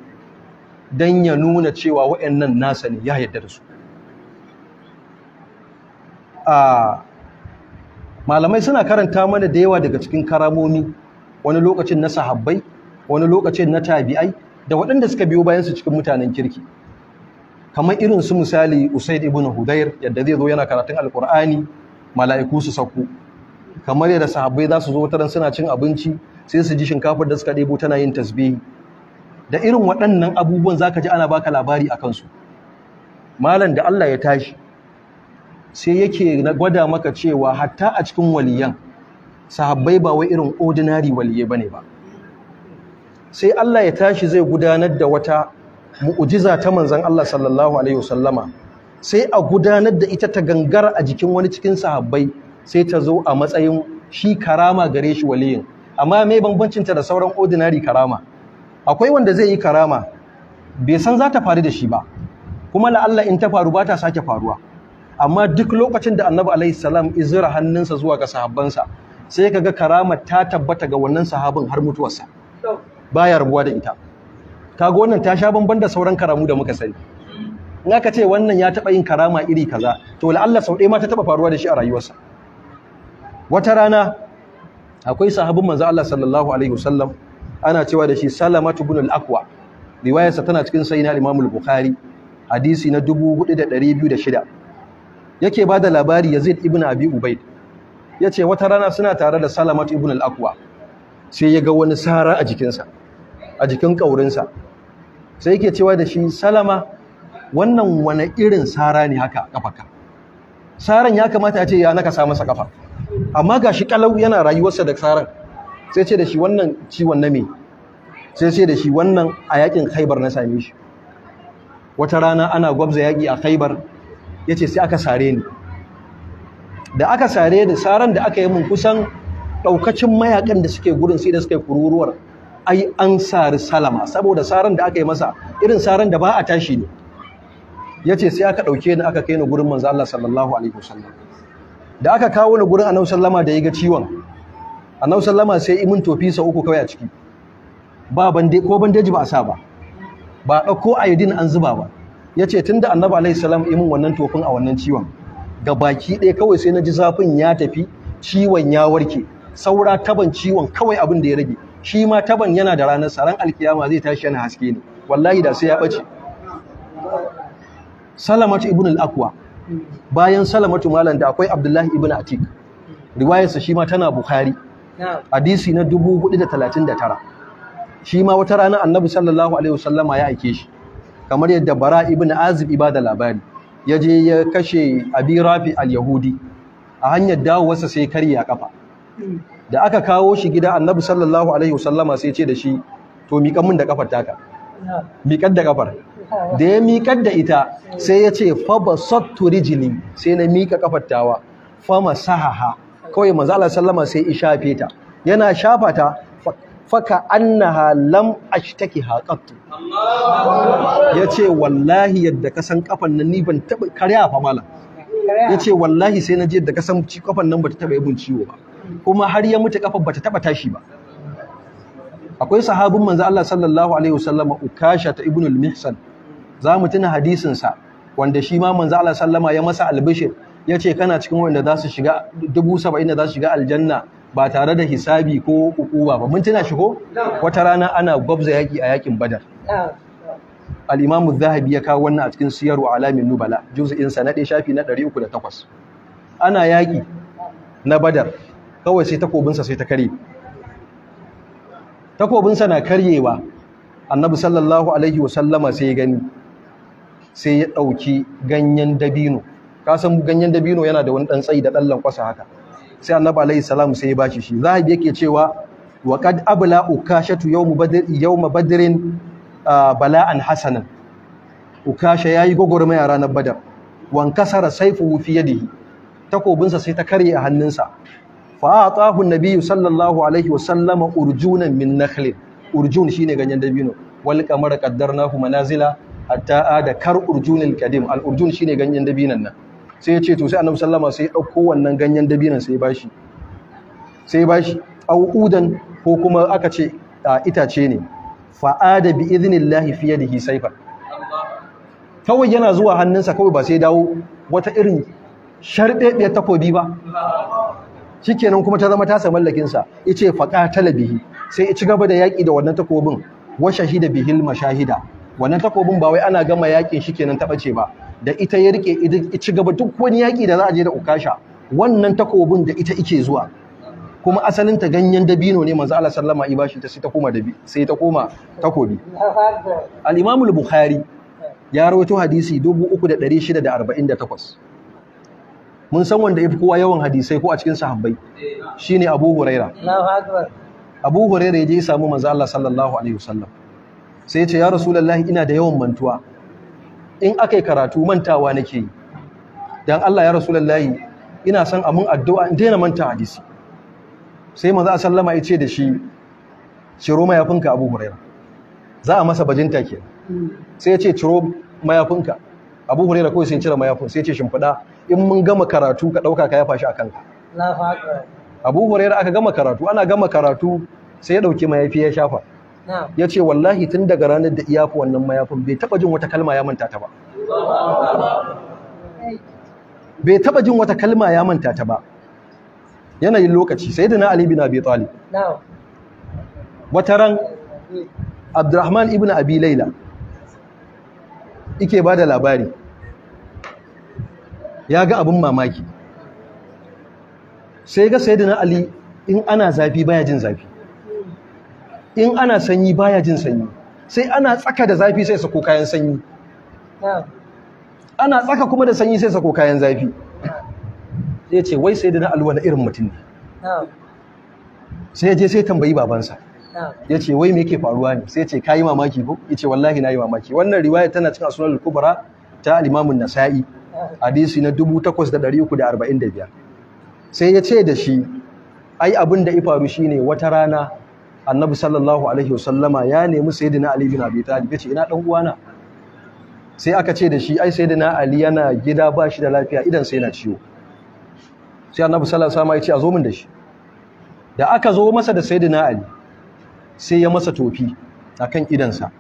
don ya nuna cewa wa'annan nasa ne ya yarda da su a malamai suna karanta mana da yawa daga cikin karamomi wani lokacin na sahabbai wani lokacin na tabi'ai da waɗanda suka biyo bayan su cikin mutanen kirki kamar irin su misali Usaid ibn Hudayr yadda zai zo yana karatun Alkur'ani mala'iku su sako. kamar yadda sahabbai za su zo wataran suna cin abinci sai su ji shinkafar da suka ɗebo tana yin tasbihi da irin waɗannan abubuwan zaka ji ana baka labari a kansu malam da Allah ya tashi sai yake na gwada maka cewa hatta a cikin waliyan sahabbai ba wai irin ordinary waliye bane ba sai Allah ya tashi zai gudanar da wata mu'jiza ta manzon Allah sallallahu alaihi wasallama sai a gudanar da ita ta gangara a jikin wani cikin sahabbai sai ta zo a matsayin shi karama gare shi waliyin amma mai bambancin ta da sauran ordinary karama akwai wanda zai yi karama bai san za ta faru da shi ba kuma la'alla in ta faru ba ta sake faruwa amma duk lokacin da annabi alaihi salam izira hannunsa zuwa ga sahabbansa sai kaga karamar ta tabbata ga wannan sahabin har mutuwarsa baya rabuwa da ita kaga wannan ta sha bamban da sauran karamu da muka sani in aka ce wannan ya taba yin karama iri kaza to la'alla sau ɗaya ma ta taɓa faruwa da shi a rayuwarsa wata rana akwai sahabin manzo Allah sallallahu alaihi wasallam ana cewa da shi Salamatu ibn al-Aqwa riwayarsa tana cikin sayyidina Imam al-Bukhari hadisi na 4206 yake ba da labari Yazid ibn Abi Ubaid yace wata rana suna tare da Salamat ibn al sai ya ga wani sara a jikinsa a jikin kaurinsa sai yake cewa da shi Salama wannan wani irin sara ne haka kafaka saran ya kamata ya ce ya naka sa masa kafa amma gashi kalau yana rayuwarsa da saran sai ce da shi wannan ciwon na me sai sai da shi wannan a yakin haibar na same shi wata rana ana gwabza yaki a Khaibar ya ce sai aka sare ni da aka sare ni saran da aka yi mun kusan ɗaukacin mayakan da suke gurin sai da suka yi kururuwar ai an sari salama saboda saran da aka yi masa irin saran da ba a tashi ne ya ce sai aka ɗauke ni aka kai ni gurin manzo Allah sallallahu alaihi wasallam da aka kawo ni gurin annabi sallama da ya ga ciwon annabi sallama sai imin tofi sa uku kawai a ciki ba bande ko bandeji ba a sa ba ba ɗauko ayodin an zuba ba ya ce tun da annabi alaihi salam imin wannan tofin a wannan ciwon ga baki ɗaya kawai sai na ji zafin ya tafi ciwon ya warke saura taban ciwon kawai abin da ya rage shi ma taban yana da ranar saran alkiyama zai tashi yana haske ne wallahi da sai ya ɓace salamatu ibn al bayan salamatu malam da akwai abdullahi ibn atik riwayarsa shi ma tana bukhari hadisi na 439 shi ma wata rana annabi sallallahu alaihi wasallama ya aike shi kamar yadda bara ibn azib ibada labari ya je ya kashe abi rafi al-yahudi a hanyar dawowarsa sai karya kafa da aka kawo shi gida annabi sallallahu alaihi wasallama sai ce da shi to miƙan min da kafar taka miƙar da kafar da ya miƙar da ita sai ya ce fa basattu rijli sai na miƙa kafar tawa fa masahaha kawai manzo Allah sallama sai ishafe ta yana shafa ta faka annaha lam ashtaki Ya yace wallahi yadda ka san kafan nan ni ban taba karya fa malam yace wallahi sai na je yadda ka san kafan nan bata taba yin ciwo ba kuma har ya mutu kafan bata taba tashi ba akwai sahabin manzo Allah sallallahu alaihi wasallam ukasha ta ibnu al-mihsan za mu tuna hadisin sa wanda shi ma manzo Allah sallama ya masa albishir yace kana cikin wanda za su shiga 70 da za su shiga aljanna ba tare da hisabi ko hukuma ba mun tuna shi ko wata rana ana gwabza yaki a yakin badar al-imamu zahabi ya kawo wannan a cikin siyaru alamin nubala juz'in sa na ɗaya shafi na 308 ana yaki na badar kawai sai takobinsa sai ta kare takobinsa na karyewa annabi sallallahu alaihi wasallama sai ya gani sai ya ɗauki ganyen dabino kasan ganyen dabino yana da wani ɗan tsayi da ɗan lankwasa haka sai annabi alaihi salam sai ya bashi shi zahabi yake cewa wa qad abla ukashatu yawm badr yawm badrin bala'an hasanan ukasha yayi gogormaya ranar badar wan kasara sayfuhu fi yadihi takobinsa sai ta karye a hannunsa fa atahu nabiyyu sallallahu alaihi wa sallama urjunan min nakhlin urjun shine ganyen dabino wal qamara qaddarnahu manazila hatta ada kar urjunil kadim. al urjun shine ganyen dabinan nan sai ya ce to sai annabi sallama sai ya ɗauko wannan ganyen dabinan sai ya bashi sai ya bashi awudan ko kuma aka ce itace ne fa'ada bi idnillahi fi yadihi saifa kawai yana zuwa hannunsa kawai ba sai dawo wata irin sharɗeɗiyar takobi ba shikenan kuma ta zama ta tasa sa yace faqatala bihi sai ya ci gaba da yaki da wannan takobin wa shahida bihil mashahida wannan takobin ba wai ana gama yaƙin shikenan ta bace ba da ita ya rike ci gaba duk wani yaƙi da za a je da ukasha wannan takobin da ita ike zuwa kuma asalin ta ganyen dabino ne manzo Allah sallama ya bashi ta sai ta koma dabi sai ta koma takobi al-Imam al-Bukhari ya rawaito hadisi 3648 mun san wanda yafi kowa yawan hadisai ko a cikin sahabbai shine Abu Huraira Abu Huraira ya je ya samu manzo Allah sallallahu alaihi wasallam sai ya ce ya Rasulullahi ina da yawan mantuwa in aka yi karatu mantawa nake yi dan Allah ya rasulullahi ina son a mun addu'a in daina manta hadisi sai manzo sallama ya ce da shi ciro mayafinka Abu Huraira za a masa bajinta ke sai ya ce ciro mayafinka Abu Huraira kawai sai ya cire mayafin sai ya ce shimfiɗa in mun gama karatu ka ɗauka ka yafa shi a kanka Abu Huraira aka gama karatu ana gama karatu sai ya ɗauki mayafi ya shafa ya ce wallahi tun daga ranar da iyafu, wannan mayafin bai taba jin wata kalma ya manta ta ba bai taba jin wata kalma ya manta ta ba yanayin lokaci sai da na Ali bin Abi Talib wata ran Abdurrahman ibn Abi Laila ike ba da labari ya ga abin mamaki sai ga sai da na Ali in ana zafi baya jin zafi in ana sanyi baya jin sanyi sai ana tsaka da zafi sai sako kayan sanyi ana tsaka kuma da sanyi sai sako kayan zafi sai ce wai sai da na alwa na irin mutum ne sai ya je sai tambayi babansa ya ce wai me yake faruwa ne sai ce kayi mamaki ko ya ce wallahi na yi mamaki wannan riwaya tana cin asunan al-kubra ta al-imamun nasa'i hadisi na 8345 sai ya ce da shi ai abin da ya faru shine wata rana annabi sallallahu alaihi wasallama ya nemi sayyidina ali bin abi talib yace ina dan uwana sai aka ce da shi ai sayyidina ali yana gida ba shi da lafiya idan sai yana ciwo sai annabi sallallahu alaihi wasallama ce a zo min da shi da aka zo masa da sayyidina ali sai ya masa tofi akan idansa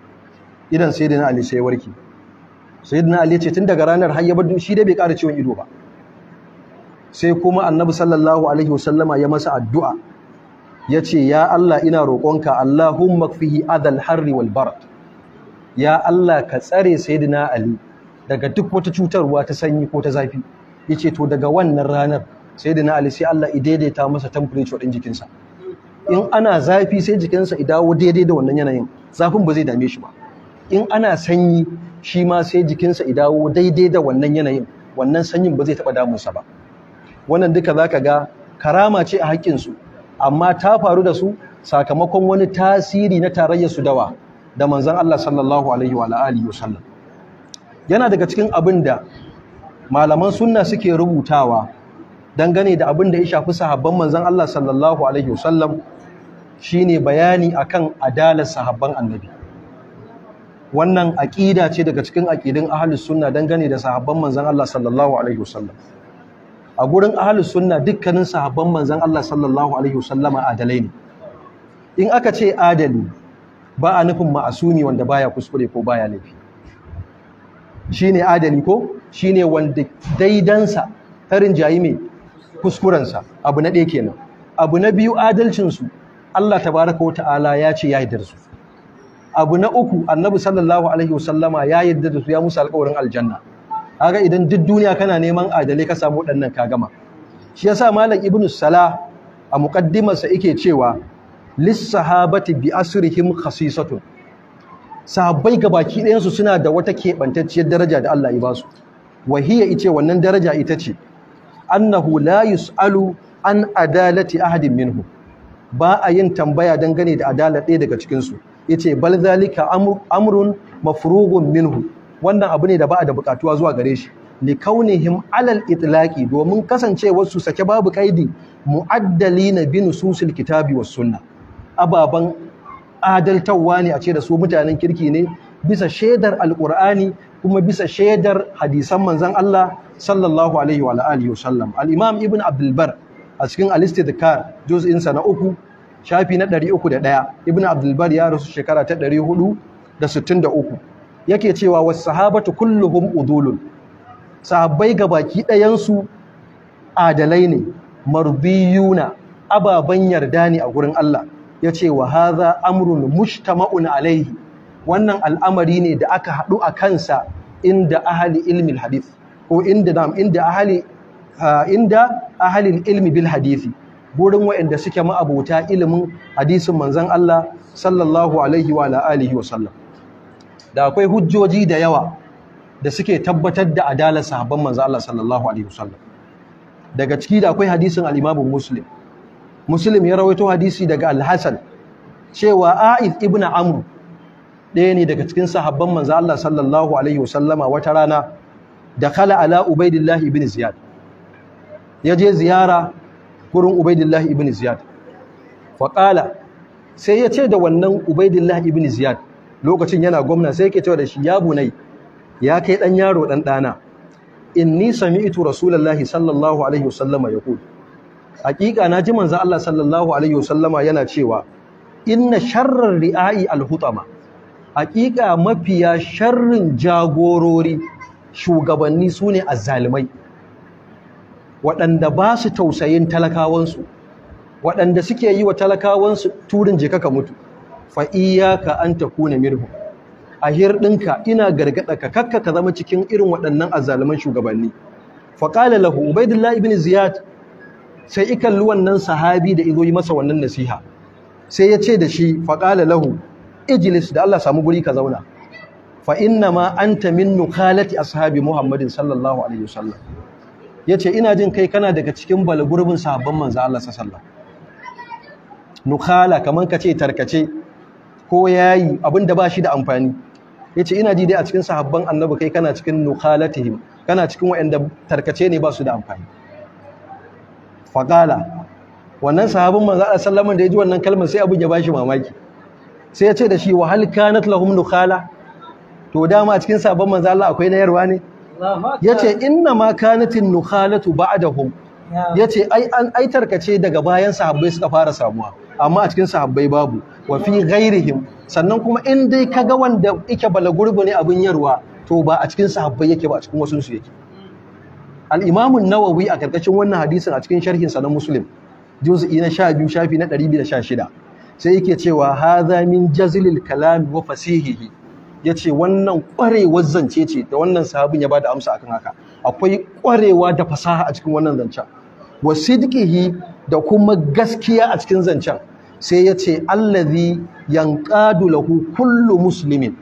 idan sayyidina ali sai ya warke sayyidina ali ce tun daga ranar har ya bar shi dai bai kara ciwon ido ba sai kuma annabi sallallahu alaihi wasallama ya masa addu'a ya ce ya Allah ina roƙonka Allahun fihi adal harri wal barad ya Allah ka tsare sayyidina Ali daga duk wata cutarwa ta sanyi ko ta zafi yace to daga wannan ranar sayyidina Ali sai Allah i daidaita masa temperature din jikinsa in ana zafi sai jikinsa i dawo daidai da wannan yanayin zafin ba zai dame shi ba in ana sanyi shi ma sai jikinsa i dawo daidai da wannan yanayin wannan sanyin ba zai taɓa damunsa ba wannan duka za ka ga karama ce a haƙƙinsu amma ta faru da su sakamakon wani tasiri na tarayyar su dawa da manzon Allah sallallahu alaihi wa alihi wasallam yana daga cikin abin da malaman sunna suke rubutawa dangane da abin da ya shafi sahabban manzon Allah sallallahu alaihi wasallam shine bayani akan adalar sahabban annabi wannan aqida ce daga cikin aqidin ahlus sunna dangane da sahabban manzon Allah sallallahu alaihi wasallam a gurin ahalus sunna dukkanin sahabban manzon Allah sallallahu alaihi wasallama adalai ne in aka ce adali ba a nufin ma'asumi wanda baya kuskure ko baya laifi shine adali ko shine wanda daidansa tarin jayi mai kuskurensa abu na ɗaya kenan abu na biyu adalcinsu Allah tabaraka wata'ala ya ce ya yarda da su abu na uku annabi sallallahu alaihi wasallama ya yarda da su ya musu alƙawarin aljanna kaga idan duk duniya kana neman adalai ka samu waɗannan ka gama shi yasa malam ibnu sala a muqaddimarsa yake cewa lis sahabati bi asrihim khasisatun sahabbai ga ɗayan su suna da wata kebantacciyar daraja da Allah ya ba su wahiya ice wannan daraja ita ce annahu la yus'alu an adalati ahadin minhu ba a yin tambaya dangane da adalar ɗaya daga cikin su yace bal zalika amrun mafrugun minhu wannan abu ne da ba a da bukatuwa zuwa gare shi li kaunihim alal itlaqi domin kasancewar su sake babu kaidi na bi nususil kitabi was sunna ababan adaltawa ne a ce da su mutanen kirki ne bisa shaidar alqur'ani kuma bisa shaidar hadisan manzon Allah sallallahu alaihi wa alihi wa al-imam ibn abdul bar a cikin al-istidkar juz'in sa na uku shafi na 301 ibn abdul bar ya rasu shekara ta 463 yake cewa wasu sahabatu kulluhum udulun sahabbai ga baki ɗayansu adalai ne marbiyuna ababan yarda ne a gurin Allah yace wa hadha amrun mujtama'un alaihi wannan al'amari ne da aka haɗu a kansa inda ahalin ilmin hadith ko inda nam inda ahalin ilmi bil hadithi gurin waɗanda suke ma'abota ilimin hadisin manzon Allah sallallahu alaihi wa sallam da akwai hujjoji da yawa da suke tabbatar da adalar sahabban manzo Allah sallallahu alaihi wasallam daga ciki da akwai hadisin al imamu Muslim Muslim ya rawaito hadisi daga Al-Hasan cewa A'id ibn Amr ɗaya ne daga cikin sahabban manzo Allah sallallahu alaihi wasallama wata rana dakhala ala Ubaidillah ibn Ziyad ya je ziyara gurin Ubaidillah ibn Ziyad faqala sai ya ce da wannan Ubaidillah ibn Ziyad lokacin yana gwamna sai yake cewa da shi ya bunai ya kai dan yaro dan dana inni sami'tu rasulullahi sallallahu alaihi wasallama yaqul hakika na ji manzo Allah sallallahu alaihi wasallama yana cewa inna sharrar ri'ai alhutama hakika mafiya sharrin jagorori shugabanni sune azzalimai waɗanda ba su tausayin talakawansu waɗanda suke yi wa talakawansu turin jika ka mutu fa an an takuna mirhu. a hirɗinka ina gargaɗa ka kakka ka zama cikin irin waɗannan azzaluman shugabanni fa qala lahu ubaidullah ibn ziyad sai ikallu wannan sahabi da izo yi masa wannan nasiha sai ya ce da shi fa lahu ijlis da Allah samu guri ka zauna fa inna ma anta min nukhalati ashabi muhammadin sallallahu alaihi wasallam yace ina jin kai kana daga cikin balagurbin sahabban manzo Allah sallallahu alaihi wasallam nukhala kaman tarkace ko yayi abin da ba shi da amfani ya ce ina ji dai a cikin sahabban annabi kai kana cikin nukhalatihim kana cikin waɗanda tarkace ne ba su da amfani faƙala wannan sahabin manzo Allah sallallahu da ya ji wannan kalmar sai abin ya bashi mamaki sai ya ce da shi wa hal kanat lahum nukhala to dama a cikin sahabban manzo Allah akwai na yarwa ne yace inna ma kanatin nukhalatu ba'dahum ya ce ai an aitarka daga bayan sahabbai suka fara samuwa amma a cikin sahabbai babu wa fi ghairihim sannan kuma in dai ka ga wanda yake balagurbu ne abin yarwa to ba a cikin sahabbai yake ba a cikin wasu su yake al-imam nawawi a karkashin wannan hadisin a cikin sharhin sa na muslim juz'i na 12 shafi na 216 sai yake cewa hadha min jazlil kalam wa fasihihi ya ce wannan ƙwarewar zance ce da wannan sahabin ya ba da amsa akan haka akwai ƙwarewa da fasaha a cikin wannan zancen wa da kuma gaskiya a cikin zancen sai ya ce allazi yanqadu lahu kullu muslimin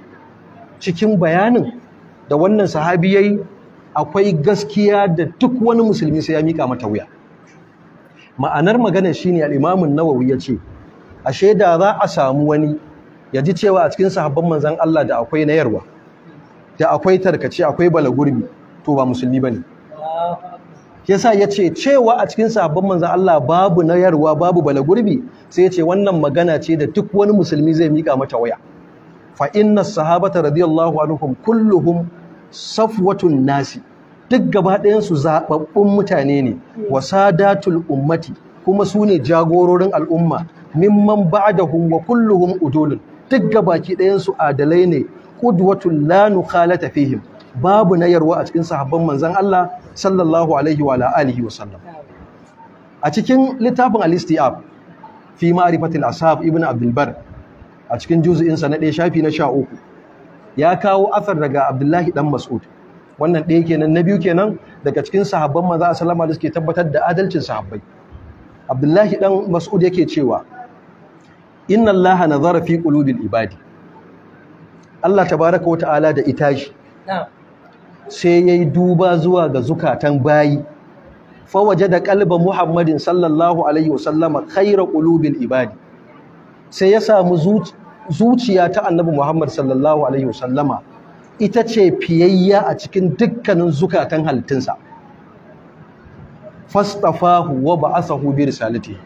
cikin bayanin da wannan sahabi yayi akwai gaskiya da duk wani musulmi sai ya mika mata wuya ma'anar maganar shine al-Imam nawawi ya ce, ashe da za a samu wani ya ji cewa a cikin sahabban manzan Allah da akwai nayarwa da akwai tarkace akwai balagurbi to ba musulmi bane yasa ya ce cewa a cikin sahabban manzan Allah babu nayarwa babu balagurbi sai ya ce wannan magana ce da duk wani musulmi zai mika mata waya fa inna sahabata radiyallahu anhum kulluhum safwatun nasi duk gaba ɗayansu zaɓaɓɓun mutane ne wasadatul datul ummati kuma su ne jagororin al'umma mimman ba'dahum wa kulluhun udulun duk ga baki gabaki ɗayansu adalai ne ƙudwatun la nukhalata fihim babu nayarwa a cikin sahabban manzon Allah sallallahu alaihi wa alihi wasallam a cikin littafin al-istiab fi ma'rifatil ashab ibn abdul bar a cikin juz'in sa na ɗaya shafi na 13 ya kawo asar daga abdullahi dan mas'ud wannan ɗaya kenan na biyu kenan daga cikin sahabban manzon Allah sallallahu alaihi wa sallam da suke tabbatar da adalcin sahabbai abdullahi dan mas'ud yake cewa inna allaha nazara fi qulubil ibadi Allah tabaraka wa ta'ala da itashi sai yayi duba zuwa ga zukatan bayi fa wajada qalba muhammadin sallallahu alaihi wasallama khayra qulubil ibadi sai ya samu zuciya ta annabi muhammad sallallahu alaihi wasallama ita ce fiyayya a cikin dukkanin zukatan halittunsa fastafahu wa ba'asahu bi risalati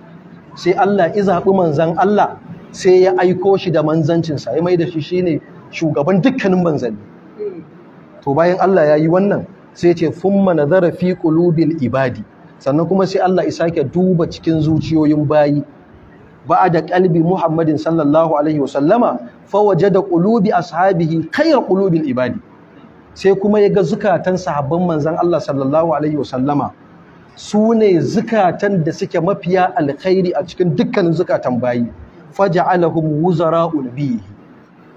sai Allah izabi manzon Allah sai ya aiko shi da manzancinsa ya mai da shi shine shugaban dukkanin manzanni to bayan Allah ya yi wannan sai ce fumma nazara fi qulubil ibadi sannan kuma sai Allah ya sake duba cikin zuciyoyin bayi da kalbi Muhammadin sallallahu alaihi wasallama fa wajada qulubi ashabihi khayr qulubil ibadi sai kuma ya ga zukatan sahabban manzon Allah sallallahu alaihi wasallama su ne zukatan da suke mafiya alkhairi a cikin dukkanin zukatan bayi faja'alahum wuzara'un bihi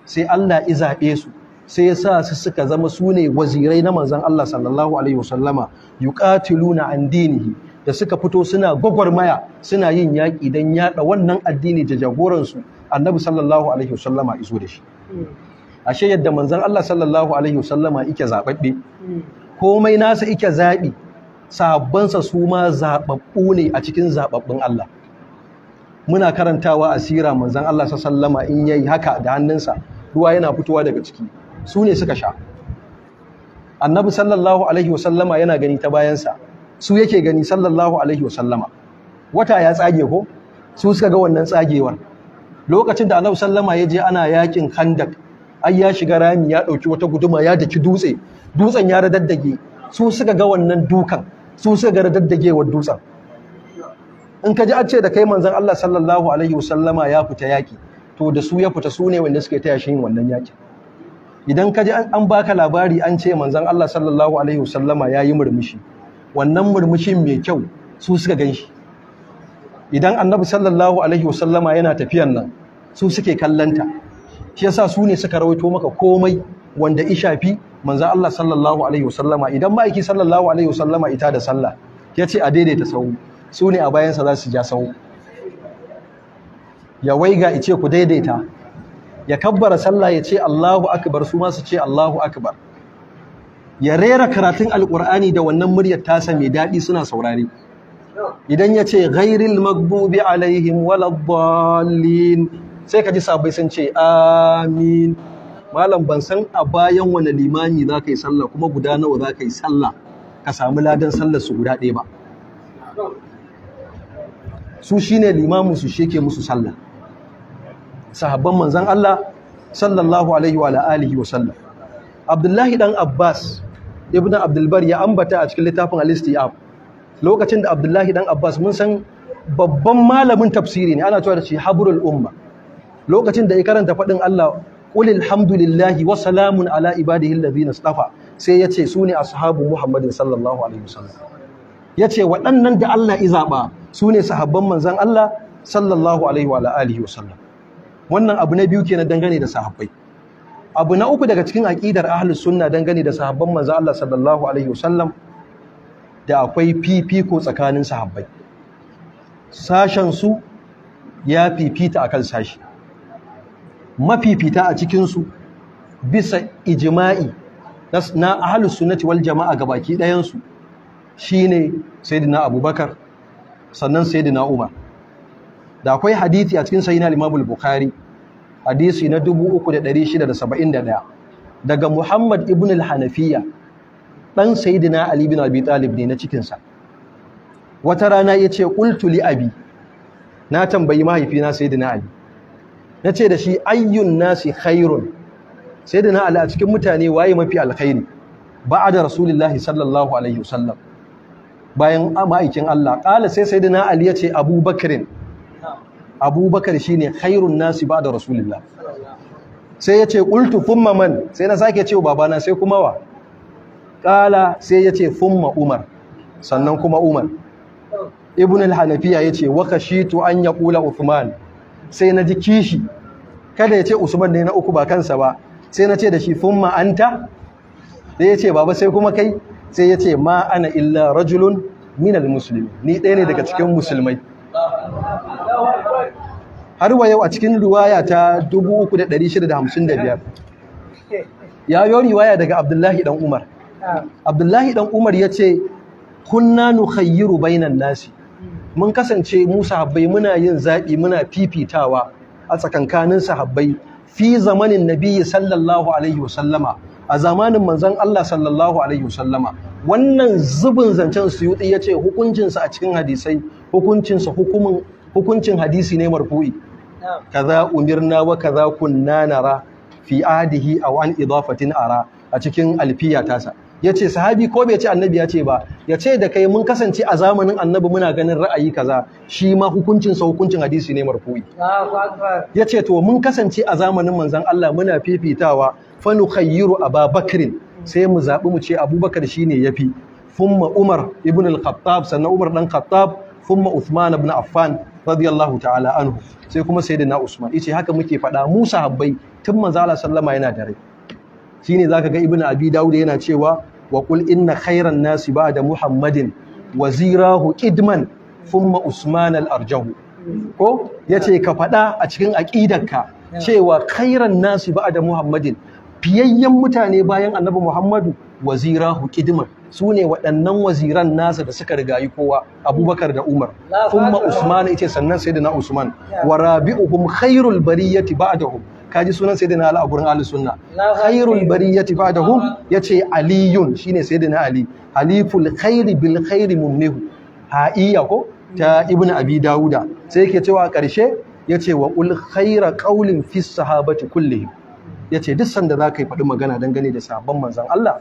sai Allah ya zabe su sai ya sa su suka zama sune wazirai na manzon Allah sallallahu alaihi wasallama yuqatiluna an dinihi da suka fito suna gwagwarmaya suna yin yaƙi don yaɗa wannan addini da jagoransu annabi sallallahu alaihi wasallama izo da shi ashe yadda manzon Allah sallallahu alaihi wasallama yake zababbe komai nasa yake zabi sabonsa su ma zababbu ne a cikin zababbun Allah muna karantawa a sira manzon Allah sallama in yayi haka da hannunsa ruwa yana fitowa daga ciki su ne suka sha annabi sallallahu alaihi wasallama yana gani ta bayansa su yake gani sallallahu alaihi wasallama wata ya tsage ko su suka ga wannan tsagewar lokacin da annabi sallama ya je ana yakin khandak ai ya shiga rami ya dauki wata guduma ya daki dutse dutsen ya radaddage su suka ga wannan dukan su suka ga radaddagewar dutsen in ka ji a ce da kai manzon Allah sallallahu alaihi wasallama ya fita yaki to da su ya fita su ne wanda suke taya shi yin wannan yaki idan ka ji an baka labari an ce manzon Allah sallallahu alaihi wasallama ya yi murmushi wannan murmushin mai kyau su suka gan shi idan annabi sallallahu alaihi wasallama yana tafiyan nan su suke kallanta shi yasa su ne suka rawaito maka komai wanda ishafi manzon Allah sallallahu alaihi wasallama idan ma'aiki sallallahu alaihi wasallama ita da sallah ya ce a daidaita sahu su ne a bayansa za su ja sau ya waiga ice ku daidaita ya kabbara sallah ya ce Allahu akbar su ma su ce Allahu akbar ya rera karatun alkur'ani da wannan muryar tasa mai daɗi suna saurare idan ya ce ghairil magbubi alaihim waladdallin sai ka ji sabai sun ce amin malam ban san a bayan wani limami za ka yi sallah kuma guda nawa za ka yi sallah ka samu ladan sallar su guda ɗaya ba su shi ne limamin su sheke musu sallah sahabban manzan Allah sallallahu alaihi wa alihi wa sallam Abdullahi dan Abbas ibn Abdulbar ya ambata a cikin littafin Al-Istiyab lokacin da Abdullahi dan Abbas mun san babban malamin tafsiri ne ana cewa da shi habrul umma lokacin da ya karanta faɗin Allah qul alhamdulillahi wa salamun ala ibadihi alladhina istafa sai ya ce su ne ashabu Muhammadin sallallahu alaihi wasallam yace waɗannan da Allah ya zaɓa. su ne sahabban manzan Allah sallallahu alaihi wa alihi wasallam wannan abu na biyu kenan dangane da sahabbai abu na uku daga cikin aqidar ahlus sunna dangane da sahabban manzan Allah sallallahu alaihi wasallam da akwai fifiko tsakanin sahabbai sashen su ya fifita akan sashi mafifita a cikin su bisa ijma'i na ahlus sunnati wal jama'a gabaki ɗayansu shine sayyidina abubakar sannan da Umar da akwai hadithi a cikin sayyidina na al-Bukhari hadithi na 3671 daga Muhammad ibn al-Hanafiya da na Ali bin Abi Talib ne na cikinsa. wata rana ya ce, li abi na tambayi mahaifina sayyidina Ali ce da shi ayyun nasi khairun saidina Ali a cikin mutane waye mafi alkhairi da rasulullahi sallallahu alaihi wasallam bayan ma'aikin Allah ƙala sai sai dina Ali ya ce Abu abubakar shi ne hairun nasi ba da rasulullah sai ya ce ƙultu funma man sai na sake ce babana sai kuma wa ƙala sai ya ce funma umar sannan kuma umar ibn al-hanafiya ya ce waka shitu an ya ƙula uthman sai na ji kishi kada ya ce usman ne na uku ba kansa ba sai na ce da shi fumma anta Sai ya ce baba sai kuma kai sai ya ce ma ana illa rajulun minal musulmi ni ɗaya ne daga cikin musulmai har wa yau a cikin riwaya ta 3655 ya yi riwaya daga abdullahi Ɗan umar abdullahi Ɗan umar ya ce kunna nukhayyiru bainan nasi mun kasance mu sahabbai muna yin zaɓi muna fifitawa a tsakankanin sahabbai fi zamanin nabi sallallahu alaihi wasallama a zamanin manzon Allah sallallahu alaihi wasallama wannan zubin zancen suyuti ya ce hukuncinsa a cikin hadisai hukuncinsa hukumin hukuncin hadisi ne marfu'i kaza umirna wa kaza kunna nara fi adihi aw an idafatin ara a cikin alfiya tasa ya ce sahabi ko bai ce annabi ya ce ba ya ce da kai mun kasance a zamanin annabi muna ganin ra'ayi kaza shi ma hukuncin hukuncin hadisi ne marfu'i ya ce to mun kasance a zamanin manzon Allah muna fifitawa fa a ababakrin sai mu zaɓi mu ce abubakar shine yafi fumma umar ibn al-khattab sannan umar dan khattab fumma uthman ibn affan radiyallahu ta'ala anhu sai kuma na usman yace haka muke faɗa Musa Habbai tun manzo Allah sallama yana da rai shine zaka ga ibnu abi dawud yana cewa wa qul inna khairan nasi ba'da muhammadin wazirahu idman fumma usman al-arjahu ko yace ka faɗa a cikin aqidanka cewa khairan nasi ba'da muhammadin fiyayyen mutane bayan annabi Muhammadu wazirahu hukidima su ne waɗannan waziran nasa da suka rigayi kowa abubakar da umar thumma usman ita sannan na usman wa rabi'uhum khairul bariyati ba'dahum kaji sunan sayyidina ali a gurin ahli sunna khairul bariyati ba'dahum yace aliyun shine na ali aliful khairi bil khairi mumnihu ha'iya ko ta ibnu abi dauda sai yake cewa karshe yace wa ul khaira qaulin fis sahabati kullihim ya ce duk sanda za ka yi faɗi magana dangane da sabon manzan Allah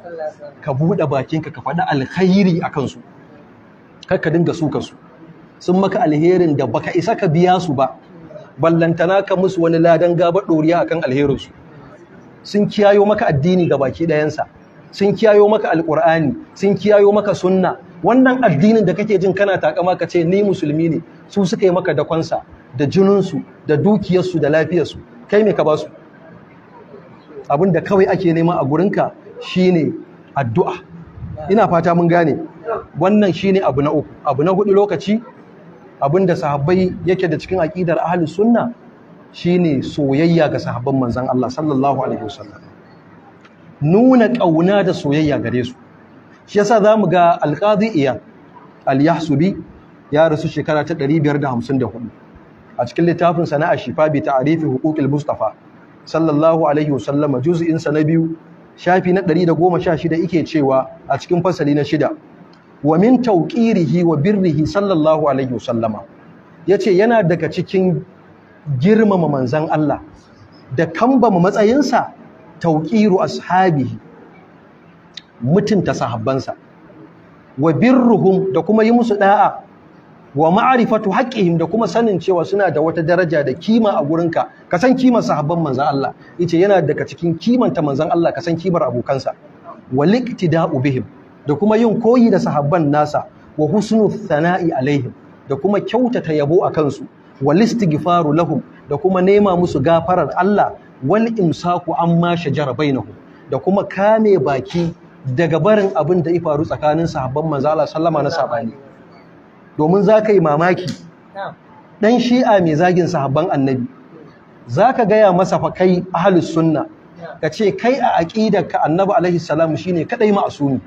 ka buɗe bakinka ka faɗi alkhairi a kansu kar ka dinga suka su sun maka alherin da baka isa ka biya su ba ballantana ka musu wani ladan gabar ɗoriya akan alherinsu sun kiyayo maka addini ga baki ɗayansa sun kiyayo maka alƙur'ani sun kiyayo maka sunna wannan addinin da kake jin kana takama ka ce ni musulmi ne su suka yi maka dakonsa da jininsu da dukiyarsu da lafiyarsu kai me ka ba su abin da kawai ake nema a gurinka shine addu'a ina fata mun gane wannan shine abu na uku abu na hudu lokaci abin da sahabbai yake da cikin aqidar ahlus sunna shine soyayya ga sahabban manzon Allah sallallahu alaihi wasallam nuna kauna da soyayya gare su shi yasa zamu ga alqadi iya al-yahsubi ya rasu shekara ta 554 a cikin littafin sana'a shifa bi ta'rifi huquqil mustafa sallallahu alaihi wasallam juz'in sa na biyu shafi na 116 yake cewa a cikin fasali na shida wa min tawqirihi wa birrihi sallallahu alaihi wasallama yace yana daga cikin girmama manzan Allah da kambama matsayinsa tawqiru ashabihi mutunta sahabbansa wa birruhum da kuma yi musu da'a wa ma'arifatu haqqihim da kuma sanin cewa suna da wata daraja da kima a gurinka ka san kimar sahabban manzon Allah yace yana daga cikin kimanta manzon Allah ka san kimar abokansa waliktida'u bihim da kuma yin koyi da sahabban nasa wa husnu thana'i alaihim da kuma kyautata yabo a kansu walistighfaru lahum da kuma nema musu gafarar Allah wal imsaku amma shajara bainahum da kuma kame baki daga barin abin da ya faru tsakanin sahabban manzo Allah sallama na sabani domin za ka yi mamaki ɗan shi'a mai zagin sahabban annabi za ka gaya masa fa kai ahalus sunna ka ce kai a aƙidarka annabi alaihi salamu shine kaɗai ma'asumi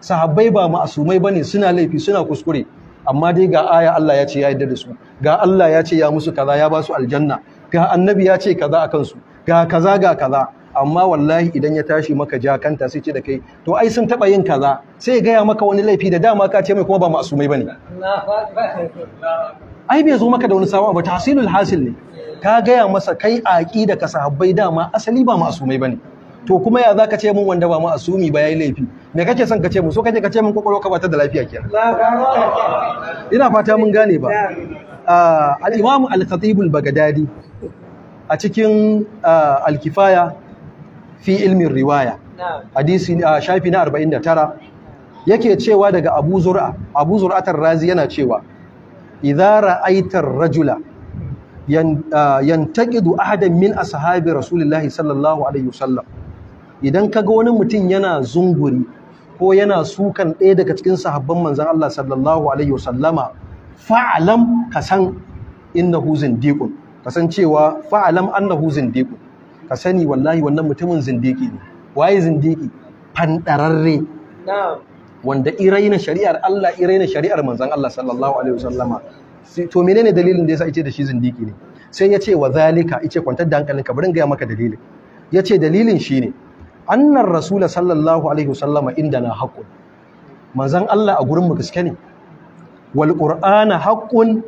sahabbai ba ma'asumai ne, suna laifi suna kuskure amma dai ga aya Allah ya ce ya yadda da su ga Allah ya ce ya musu kaza ya ba su aljanna ga annabi ya ce kaza a kansu, ga kaza ga kaza amma wallahi idan ya tashi maka ja kanta sai ce da kai to ai sun taba yin kaza sai ya gaya maka wani laifi da dama ka ce mai kuma ba masumai bane ai bai zo maka da wani sawa ba tahsilul hasil ne ka gaya masa kai aqida ka sahabbai dama asali ba masumai bane to kuma ya zaka ce mun wanda ba mu asumi ba yayi laifi me kake son ka ce mu? so kake ka ce mun kokoro ka ba da lafiya kenan ina fata mun gane ba al-imam al-khatib al-baghdadi a cikin al-kifaya fi ilmin riwaya hadisi a shafi na 49 yake cewa daga Abu Zur'a Abu Zur'atar Razi yana cewa idza aitar rajula yantaqidu ahadan min ashabi rasulillahi sallallahu alaihi wasallam idan kaga wani mutum yana zunguri ko yana sukan ɗaya daga cikin sahabban manzon Allah sallallahu alaihi wasallama fa'alam kasan innahu zindiqun kasancewa fa'alam annahu zindiqun ka sani wallahi wannan mutumin zindiki ne waye zindiki fandararre wanda iraina shari'ar Allah iraina shari'ar manzon Allah sallallahu alaihi wasallama to menene dalilin da yasa yace da shi zindiki ne sai yace wa zalika yace kwantar da ka bari ga maka dalilin yace dalilin shine annar rasul sallallahu alaihi wasallama indana haqqun manzon Allah a gurin mu gaske ne wal qur'ana haqqun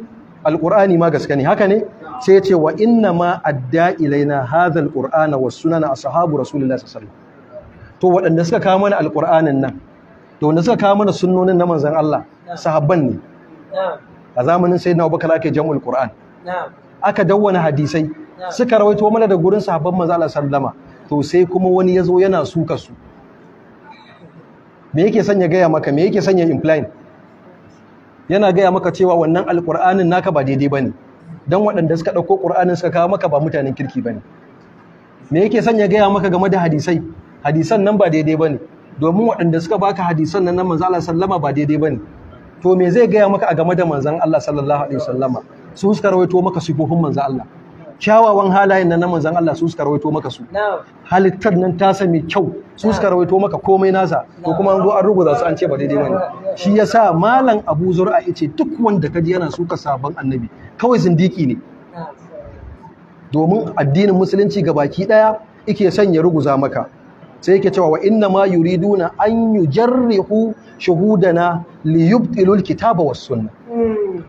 qur'ani ma gaske ne haka ne sai ya ce wa inna ma adda ilaina hadha alqur'ana was sunana ashabu rasulillahi sallallahu alaihi to waɗanda suka kawo mana alqur'anin nan to wanda suka kawo mana sunnonin na manzon Allah sahabban ne a zamanin sayyidina Abubakar ake jam'ul qur'an aka dawwana hadisai suka rawaito mana da gurin sahabban manzon Allah sallama to sai kuma wani ya zo yana suka su me yake sanya gaya maka me yake sanya implying yana gaya maka cewa wannan alqur'anin naka ba daidai bane don waɗanda suka ɗauko ƙur'anin suka kawo maka ba mutanen kirki ba ne me yake son ya gaya maka game da hadisai hadisan nan ba daidai ba ne domin waɗanda suka baka hadisan nan na manzan Allah sallama ba daidai ba ne to me zai gaya maka a game da manzan Allah sallallahu alaihi wasallama su suka rawaito maka sifofin manzan Allah kyawawan halayen nan na manzon Allah su suka rawaito maka su halittar nan ta sami kyau su suka rawaito maka komai nasa ko kuma an zo an rubuta su an ce ba daidai bane shi yasa malam Abu Zur'a yace duk wanda kaji yana suka sabon annabi kawai zindiki ne domin addinin musulunci ga baki daya yake son ya ruguza maka sai yake cewa wa inna ma yuriduna an yujarrihu shuhudana liyubtilul kitaba was sunnah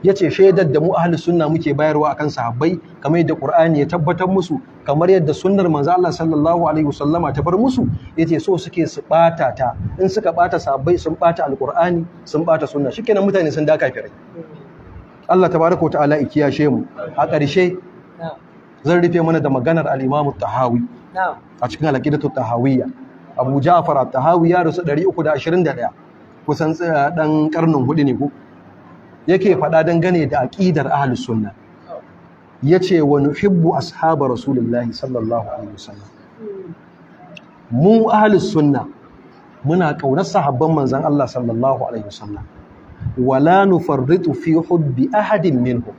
yace shaidar da mu ahli sunna muke bayarwa akan sahabbai kamar yadda qur'ani ya tabbatar musu kamar yadda sunnar manzo Allah sallallahu alaihi wasallama ta bar musu yace so suke su bata ta in suka bata sahabbai sun bata alqur'ani sun bata sunna shikenan mutane sun daka firai Allah tabaraka ta'ala ikiyashe mu a ƙarshe zan rufe mana da maganar al-Imam tahawi a cikin al-Aqidatu Tahawiyya Abu Ja'far at-Tahawi ya rasu 321 kusan dan eh, karnin hudu ne ko yake faɗa dangane da aƙidar ahlus sunna yace wa nuhibbu ashabar rasulullahi sallallahu alaihi wasallam mu ahlus sunna muna kaunar sahabban manzon Allah sallallahu alaihi wasallam wala nufarritu fi hubbi ahadin minhu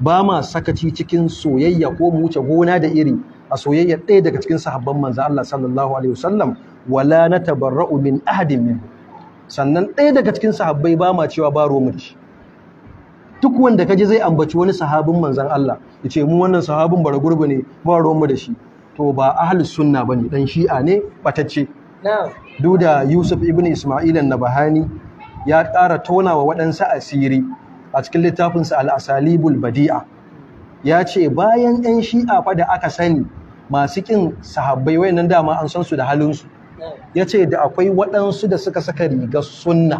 ba ma sakaci cikin soyayya ko mu wuce gona da iri a soyayya ɗaya daga cikin sahabban manzon Allah sallallahu alaihi wasallam wala natabarra'u min ahadin minhu sannan ɗaya daga cikin sahabbai ba ma cewa ba mu da duk wanda ka ji zai ambaci wani sahabin manzon Allah ce mu wannan sahabin bara gurbi ne ba ruwan da shi to ba ahlus sunna ne, dan shi'a ne batacce duk da Yusuf ibn Isma'il na bahani ya ƙara tona wa waɗansu asiri a cikin littafinsa al-asalibul badi'a ya ce bayan 'yan shi'a fa da aka sani masu ƙin sahabbai nan dama an san su da halinsu ya ce da akwai waɗansu da suka saka rigar sunna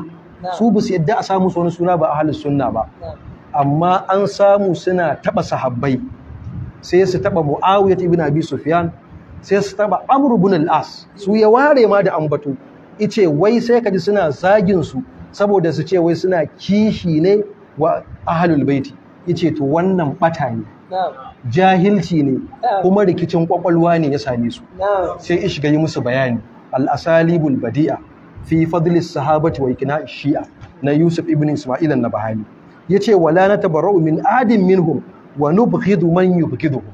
su bu su yadda a samu wani suna ba a halin sunna ba amma an samu suna taɓa sahabbai sai su taɓa mu'awiyat ibn abi sufyan sai su taɓa amru ibn al-as su ya ware ma da ambato ice wai sai kaji suna zagin su saboda su ce wai suna kishi ne wa ahlul baiti yace to wannan bata ne jahilci ne kuma rikicin kwakwalwa ne ya same su sai ish yi musu bayani al-asalibul badi'a fi as sahabati wa ikna'i shi'a na Yusuf ibn Isma'il an-Nabhani Ya ce wala natabarra'u min adin minhum wa nubghidu man yubghiduhu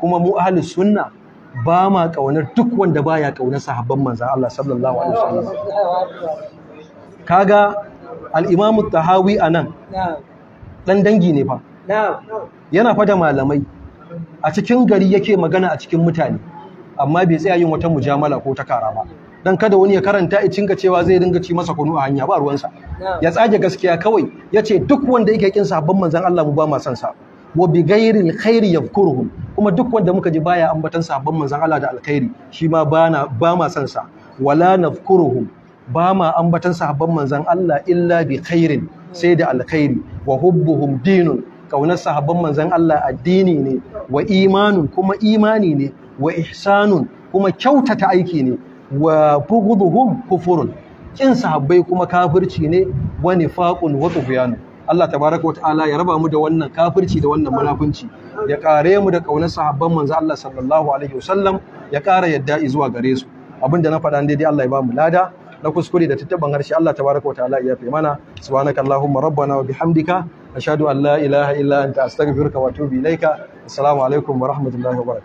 kuma mu ahli sunna ba ma kaunar duk wanda baya kaunar sahabban manzon Allah sallallahu alaihi wasallam kaga al-Imam tahawi anan dan dangi ne fa yana fada malamai a cikin gari yake magana a cikin mutane amma bai tsaya yin wata mujamala ko ta kara ba Don kada wani ya karanta ya cinga cewa zai dinga ci masa kunu a hanya ba ruwansa ya tsage gaskiya kawai ya ce duk wanda yake kin sabon manzan Allah mu ba ma san sa wa bi ghairil khairi yadhkuruhum kuma duk wanda muka ji baya ambatan sabon manzan Allah da alkhairi shi ma bana ba ma san sa wala nafkuruhum ba ma ambatan sabon manzan Allah illa bi khairin sai da alkhairi wa hubbuhum dinun kaunar sahabban manzan Allah addini ne wa imanun kuma imani ne wa ihsanun kuma kyautata aiki ne wa bughdhuhum kufurun kin sahabbai kuma kafirci ne wa nifaqun wa tughyan Allah tabaraka wataala ya raba mu da wannan kafirci da wannan munafunci ya kare mu da ƙaunar sahabban manzo Allah sallallahu alaihi wasallam ya kara yadda zuwa gare su abinda na faɗa daidai Allah ya ba mu lada na kuskure da tattaban harshe Allah tabaraka wataala ya fi mana subhanaka allahumma rabbana wa bihamdika ashhadu an la ilaha illa anta astaghfiruka wa atubu ilaika assalamu alaikum wa rahmatullahi wa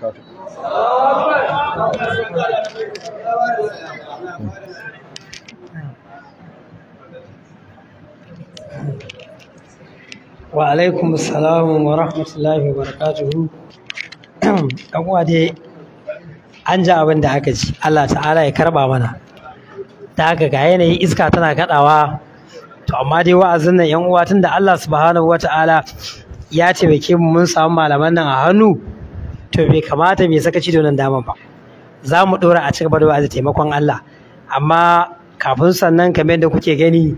wa alaikum salamun wa rahmatullahi wa barakatuhu dan uwa dai an ji abin da aka ji Allah ta'ala ya karba mana ta haka ga yanayin iska tana kaɗawa, to amma dai wa'azin nan yan uwa da Allah subhanahu Ta'ala ya taimake mu mun samu malaman nan a hannu to bai kamata mai saka ci nan dama ba za mu ɗora a cigaba da wa'azi taimakon Allah amma kafin sannan kamar yadda kuke gani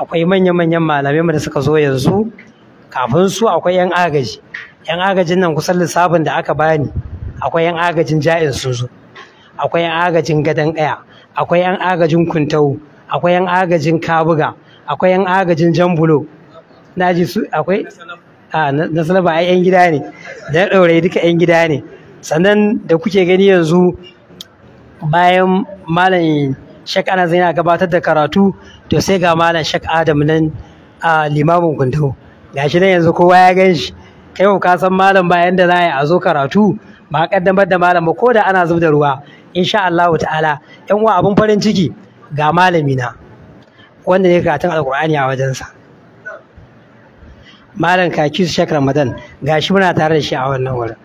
akwai manya-manyan malamai da suka zo yanzu kafin su akwai 'yan agaji 'yan agajin nan kusan lissafin da aka bani akwai 'yan agajin ja'in sun zo akwai 'yan agajin gadon ɗaya. akwai 'yan agajin kuntau akwai 'yan agajin kabuga akwai 'yan agajin jambulo na ji su akwai a na salaba ai 'yan gida ne da ɗaure duka 'yan gida ne sannan da kuke gani yanzu bayan malamin. shek anas yana gabatar da karatu to sai ga malam shek adam nan a limamin gundau gashi nan yanzu kowa ya gan shi kai ka san malam bayan da za a zo karatu ba kaddamar da malam ba ko da ana zub da ruwa insha Allah ta'ala yan uwa abun farin ciki ga malami na wanda ne karatun alkur'ani a wajensa malam kaki su shek ramadan gashi muna tare da shi a wannan wurin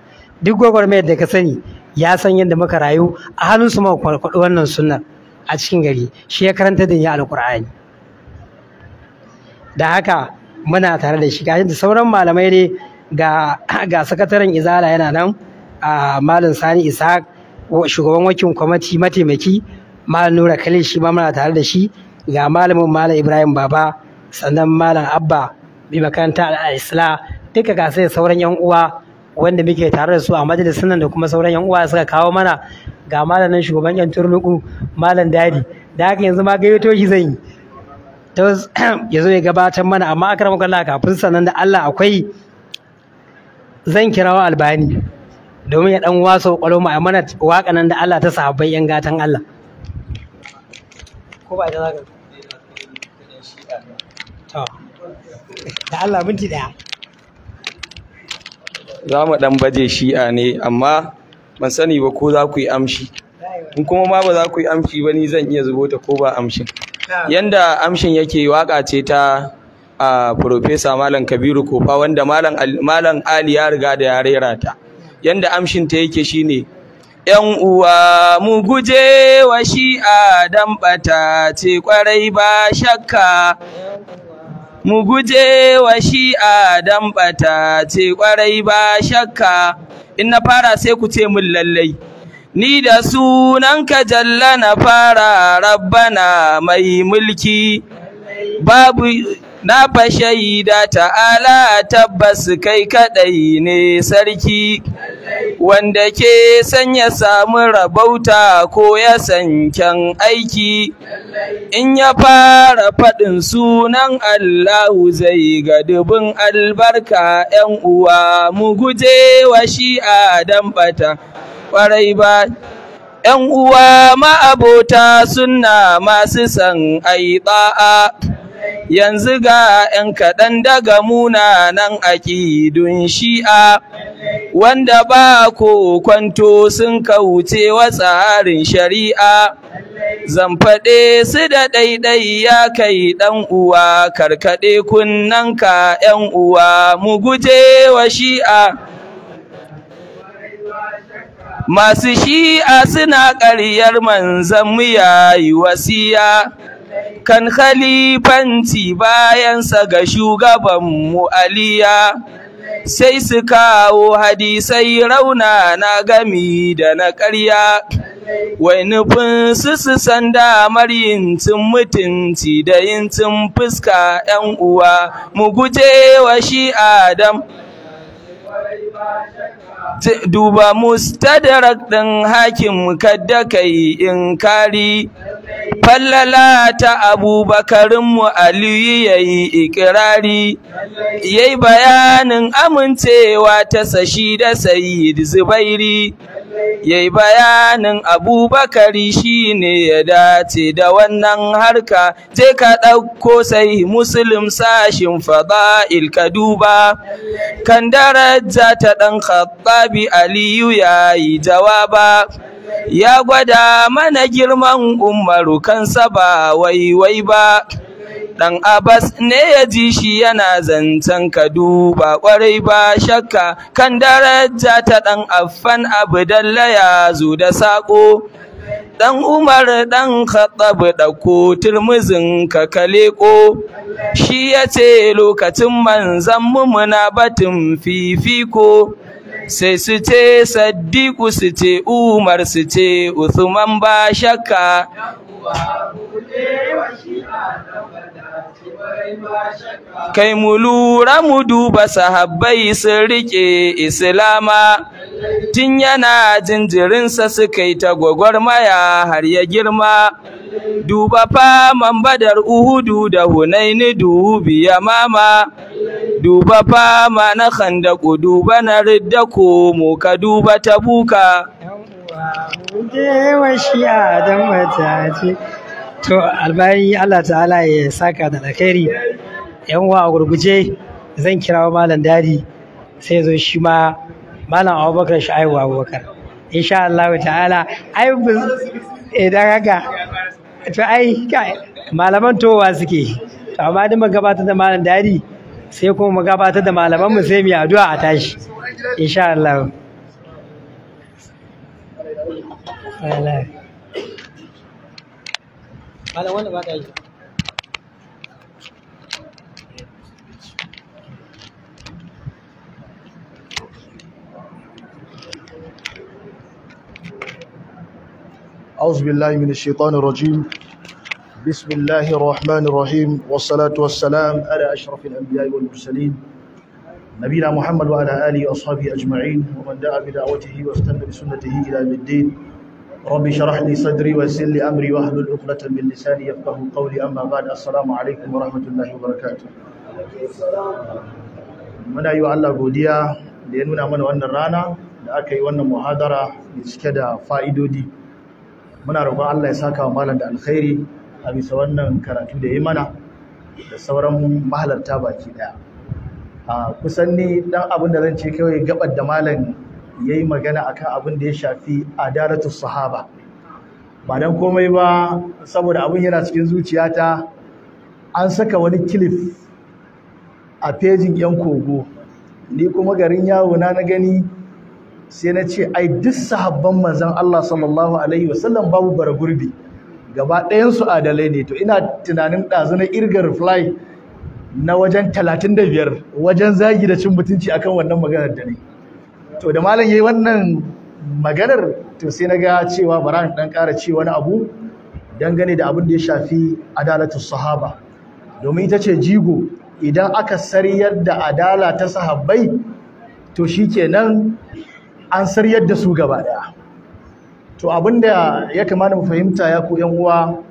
duk gwagwarmayar da ka sani ya san yadda muka rayu a hannun su ma kwaɗi wannan sunnar a cikin gari shi ya karanta da ya alƙur'ani da haka muna tare da shi ga da sauran malamai ne ga sakataren izala yana nan a malam sani isa shugaban Wakin kwamati mataimaki malam nura khalil shi ma muna tare da shi ga malamin malam ibrahim baba sannan malam abba bi makaranta isla duka ga sai sauran yan uwa wanda muke tare da su a majalisun nan da kuma sauran yan uwa suka kawo mana ga malamin shugaban yan turnuku malam dadi da haka yanzu ma gayyato shi zan yi ta yanzu ya gabatar mana amma akrama kallah kafin sanan da Allah akwai zan kirawo albani domin ya dan waso kwalo mu amana waka nan da Allah ta sahabbai yan gatan Allah ko ba da zaka to da Allah minti daya za mu dan baje shi'a ne amma ban sani ba ko za ku yi amshi in kuma ma ba za ku yi amshi ba ni zan iya zubo ta ko ba amshin yanda amshin yake waka ce ta a profesa malam kabiru kofa wanda malam ali ya riga da ya rera yanda amshin ta yake shine yan uwa mu guje wa shi Adam bata ce kwarai ba shakka mu guje wa shi Adam bata ce kwarai ba shakka in na fara sai ku ce min lallai ni da sunanka jalla na fara rabbana mai mulki babu na fa shaida ta'ala tabbas kai kadai ne sarki wanda ke san ya samu rabauta ko ya sanken aiki in ya fara faɗin sunan Allahu zai ga dubin albarka ‘yan uwa mu guje wa shi'a dan bata ƙwarai ba ‘yan uwa ma abota suna masu san aiɗa'a. yanzu ga 'yan kaɗan daga munanan aƙidun shi'a wanda ba ko kwanto sun kauce wa tsarin shari'a zan faɗe su da ɗaiɗai ya kai ɗan uwa karkaɗe ka 'yan uwa mu guje wa shi'a masu shi'a suna ƙaryar manzan mu yayi wasiya kan khalifanci bayansa ga shugabanmu aliya sai su kawo hadisai rauna na gami da na ƙarya wai nufin su su san damar yincin mutunci da yincin fuska 'yan uwa mu guje wa shi adam duba mustadrak ɗin hakim kadda kai inkari kari fallala ta mu aliyu ya yi ikirari ya yi bayanin amincewa ta sashi da sayid zubairi ya yi bayanin abubakari shi ne ya dace da wannan harka je ka ɗauko sai musulun sashin fada'il ka duba kan daraja ta ɗan khattabi aliyu ya yi jawaba ya gwada mana girman umaru kansa ba waiwai ba dan abas ne ya ji shi yana zancen ka duba kwarai ba shakka kan daraja ta dan affan abdalla ya zu da sako dan umar dan khattab ko turmuzin ka ko. shi yace lokacin manzan mu muna batun fifiko sai su ce saddiku su ce umar su ce Usman ba shakka kai mu lura mu duba sahabbai sun rike islama tun yana jinjirinsa suka yi ta gwagwarmaya har ya girma duba faman badar uhudu da hunaini dubi ya mama duba fama na khandaku duba na ridda ko mu ka duba ta buka to albayi Allah ta'ala ya saka da alkhairi yan wa gurguje zan kirawo malam dadi sai zo shi ma malam abubakar sha'ibu abubakar insha Allah ta'ala ai idan eh, haka to ai malaman towa suke to amma duk mun gabatar da malam dari sai kuma mu gabatar da malaman mu sai mu yi addu'a a tashi insha Allah malam wanda ba ta yi أعوذ بالله من الشيطان الرجيم بسم الله الرحمن الرحيم والصلاة والسلام على أشرف الأنبياء والمرسلين نبينا محمد وعلى آله وأصحابه أجمعين ومن دعا بدعوته واستنى بسنته إلى يوم الدين ربي شرح لي صدري ويسر لي أمري واحلل عقدة من لساني يفقه قولي أما بعد السلام عليكم ورحمة الله وبركاته من أيها الله Allah لأننا من وأن nuna لأكي وأن rana لسكدا فائدودي muna roƙon Allah ya saka wa malam da alkhairi a bisa wannan karatu da ya mana da sauran mahalarta baki daya a kusan ni dan abin da zan ce kawai gabar da malam yayi magana akan abin da ya shafi adalatu sahaba ba dan komai ba saboda abin yana cikin zuciyata an saka wani kilif a fejin yan kogo ni kuma garin yawo na na gani sai na ce ai duk sahabban manzon Allah sallallahu alaihi wasallam babu bara gurbi gaba ɗayan su adalai ne to ina tunanin ɗazu na irgar fly na wajen 35 wajen zagi da cin mutunci akan wannan maganar da ne to da malam yayi wannan maganar to sai na ga cewa bara dan ƙara ce wani abu dangane da abin da ya shafi adalatu sahaba domin ita ce jigo idan aka sariyar da adala ta sahabbai to shikenan an saryar da su gaba daya to abinda ya kamata mu fahimta ya ku yan uwa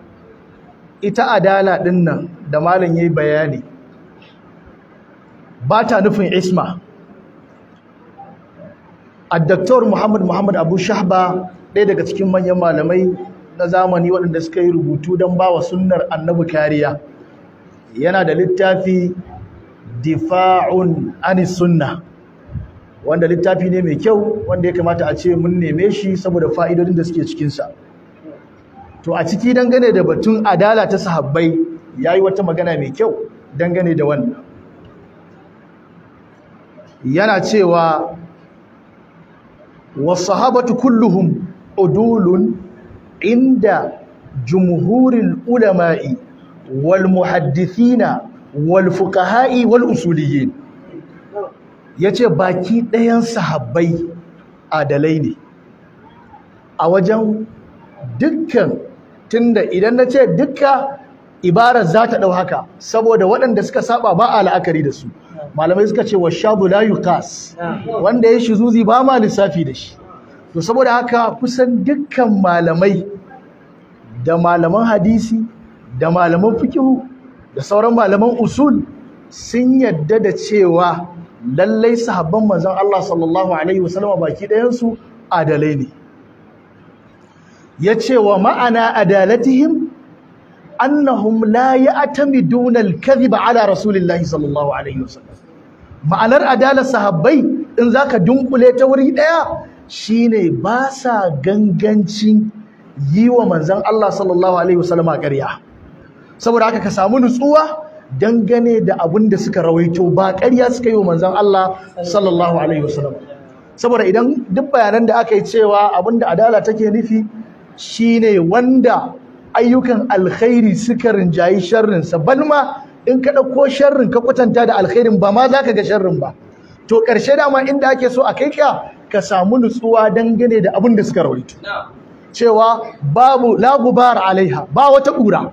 ita adala din nan da malam yayi bayani ba ta nufin isma Addaktor Muhammad Muhammad Abu Shahba ɗaya daga cikin manyan malamai na zamani waɗanda suka yi rubutu don ba wa sunnar annabi kariya yana da littafi difa'un anis sunna wanda littafi ne mai kyau wanda ya kamata a ce mun neme shi saboda fa'idodin da suke cikinsa to a ciki dangane da batun adala ta sahabbai ya yi wata magana mai kyau dangane da wannan yana cewa wasu sahabatu kulluhum udulun inda jumhurin ulama'i wal muhaddithina wal fukaha'i wal usuliyyin ya ce baki ɗayan sahabbai adalai ne a wajen dukkan tunda idan na ce dukka ibarar za ta ɗau haka saboda waɗanda suka saba ba a la'akari da su malamai suka ce wa shabu la wanda ya shi zuzi ba ma lissafi da shi to saboda haka kusan dukkan malamai da malaman hadisi da malaman fikihu da sauran malaman usul sun yadda da cewa lallai sahabban manzon Allah sallallahu alaihi wasallam baki ɗayansu adalai ne yace wa ma'ana adalatihim annahum la ya'tamiduna al-kadhiba ala rasulillahi sallallahu alaihi wasallam ma'anar adalar sahabbai in zaka dunkule ta wuri daya shine ba sa gangancin yi wa manzon Allah sallallahu alaihi ƙarya saboda haka ka samu nutsuwa dangane da abin da suka rawaito ba ƙarya suka yi wa manzon Allah sallallahu alaihi wasallam saboda idan duk bayanan da aka yi cewa abin da adala take nufi shine wanda ayyukan alkhairi suka rinjayi sharrinsa balma in ka ɗauko sharrin ka kwatanta da alkhairin ba ma za ka ga sharrin ba to ƙarshe dama inda ake so a kai ka ka samu nutsuwa dangane da abin da suka rawaito cewa babu la gubar alaiha ba wata ƙura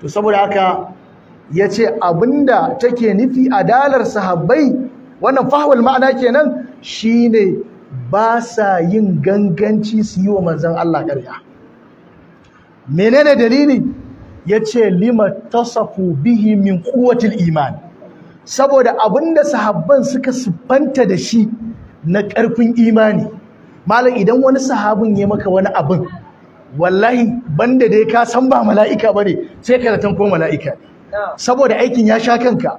to saboda haka Yace ce abinda take nufi a dalar sahabbai wannan fahawal ma'ana kenan shine ba sa yin ganganci su yi wa manzon Allah ƙarya menene dalili yace ce lima tasafu bihi min kuwatil iman saboda abinda sahabban suka siffanta da shi na ƙarfin imani malam idan wani sahabin ya maka wani abin wallahi banda dai ka san ba mala'ika bane sai ka zaton ko mala'ika ne saboda aikin ya sha kanka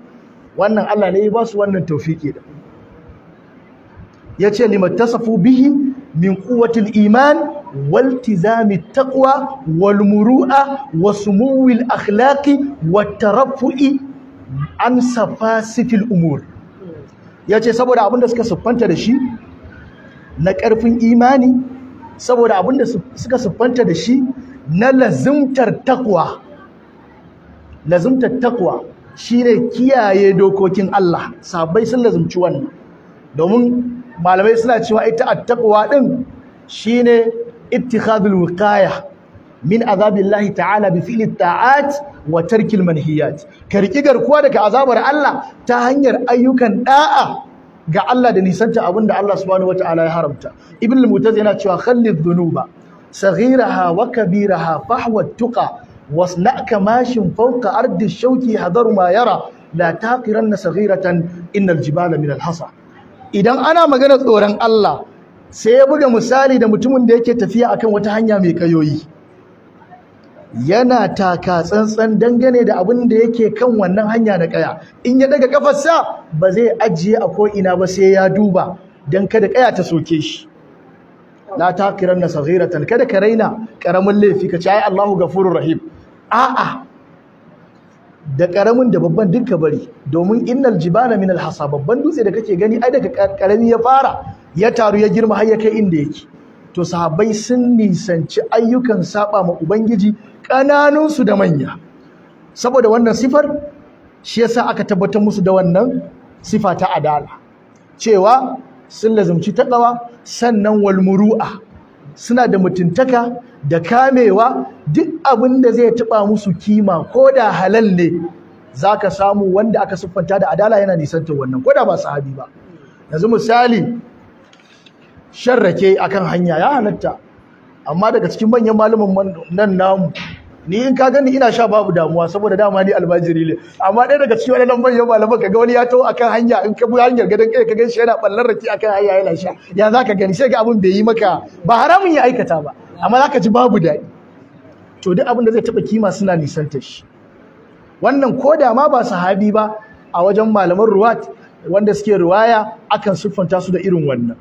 wannan Allah ne ya ba su wannan tawfiki da yace limattasafu bihi min quwwatil iman والتزام التقوى والمروءة وسمو الأخلاق والترفع عن سفاسف الأمور ya Yace saboda abinda suka siffanta da shi na ƙarfin imani saboda abinda suka siffanta da shi na lazimtar takwa lazumtar takwa shine kiyaye dokokin Allah sabai sun lazumci wannan domin malamai suna cewa ita attaqwa din shine ittikhadul wiqaya min azabillahi ta'ala bi fi'li ta'at wa tarkil manhiyat karki garkuwa daga azabar Allah ta hanyar ayyukan da'a ga Allah da nisanta abinda Allah subhanahu wataala ya haramta ibn al-mutaz yana cewa khallid dhunuba saghiraha wa kabiraha fahwa tuqa wasna kamashin fawqa ardi shauki hadaru ma yara la taqiranna saghiratan innal jibala min alhasa idan ana maganar tsoron Allah sai ya buga misali da mutumin da yake tafiya akan wata hanya mai kayoyi yana taka tsantsan dangane da abin da yake kan wannan hanya da kaya in ya daga ƙafarsa ba zai ajiye a ko'ina ba sai ya duba don kada kaya ta soke shi la takiran na saghiratan kada ka raina ƙaramin laifi ka ci ai Allahu gafurur rahim a'a da karamin da babban duka bari domin innal jibala min alhasa babban dutse da kake gani ai daga karami ya fara ya taru ya girma har ya kai inda yake to sahabbai sun nisanci ayyukan saba ma ubangiji kananun su da manya saboda wannan sifar shi yasa aka tabbatar musu da wannan sifa ta adala cewa sun lazumci takawa sannan walmuru'a suna da mutuntaka da kamewa duk abin da zai taɓa musu kima ko da halal ne zaka samu wanda aka siffanta da adala yana nisan ta wannan ko da ba sahabi ba yanzu misali shan rake akan hanya ya halatta amma daga cikin manyan malaman nan namu ni in ka gani ina sha babu damuwa saboda dama ni albajiri ne amma ɗaya daga cikin wadannan manyan malaman kaga wani ya taho akan hanya in ka bi hanyar gadan kai ka gan shi yana ballar rake akan hanya yana sha ya za gani sai ga abin bai yi maka ba haramun ya aikata ba amma za ka ji babu daɗi to duk abin da zai taɓa kima suna nisantar shi wannan ko da ma ba sahabi ba a wajen malaman ruwat wanda suke ruwaya akan siffanta su da irin wannan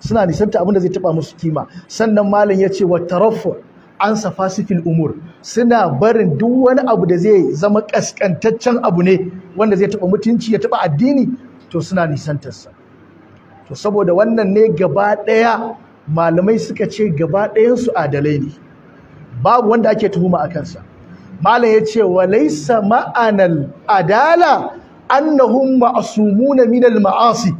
suna nisanta abin da zai taɓa musu kima sannan malam ya ce wa tarafu an sifil umur suna barin duk wani abu da zai zama kaskantaccen abu ne wanda zai taba mutunci ya taba addini to suna nisantarsa to saboda wannan ne gaba ɗaya malamai suka ce gaba ɗayansu adalai ne babu wanda ake tuhuma a kansa malam ya ce wa laisa ma'anal adala annahum min minal ma'asi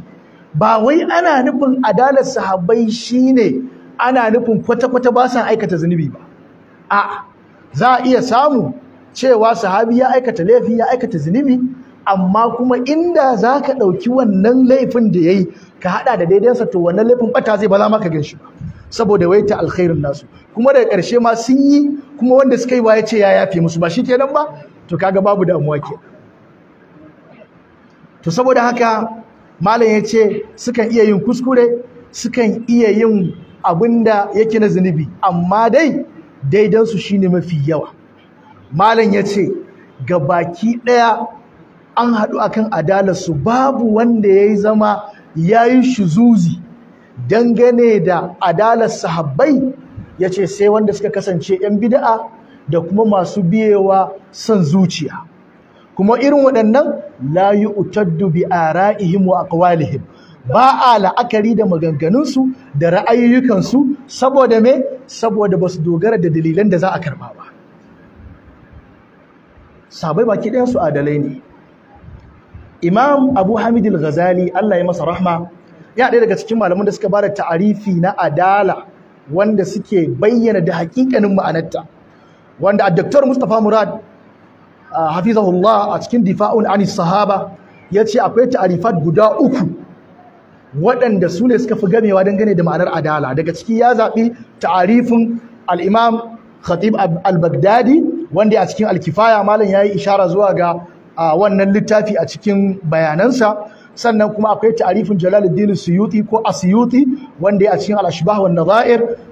ba wai ana nufin adalar sahabbai shine ana nufin kwata-kwata ba sa aikata zunubi ba a za a iya samu cewa sahabi ya aikata laifi ya aikata zunubi amma kuma inda za ka ɗauki wannan laifin da ya yi ka haɗa da sa to wannan laifin ɓata zai ba za maka gan shi saboda wai ta alkhairun nasu kuma daga ƙarshe ma sun yi kuma wanda suka yi wa ya ce ya yafe musu ba shi kenan ba to kaga babu damuwa ke to saboda haka malam ya ce sukan iya yin kuskure sukan iya yin abinda yake na zunubi amma dai daidansu shi ne mafi yawa malam ya ce ga baki ɗaya an haɗu akan adalarsu babu wanda ya yi zama ya yi shuzuzi dangane da adalar sahabbai ya ce sai wanda suka kasance 'yan bida'a da kuma masu biyewa son zuciya kuma irin waɗannan la yi utaddu bi ra'ihim wa akwalihim ba a la'akari da maganganunsu da ra'ayyukansu saboda me saboda ba su dogara da dalilan da za a karba ba sabai baki ɗayan su adalai ne imam abu hamid al-ghazali allah ya masa rahma ya ɗaya daga cikin malaman da suka da ta'arifi na adala wanda suke bayyana da haƙiƙanin ma'anarta wanda addaktar mustapha murad ah, hafizahullah a cikin difa'un anis sahaba ya ce akwai ta'arifat guda uku waɗanda su ne suka fi gamewa dangane da ma'anar adala daga ciki ya zaɓi ta'arifin alimam imam khatib al-baghdadi wanda a cikin Alkifaya malam ya yi ishara zuwa ga wannan littafi a cikin bayanansa sannan kuma akwai ta'arifin Jalaluddin Suyuti ko Asyuti wanda a cikin al-ashbah wan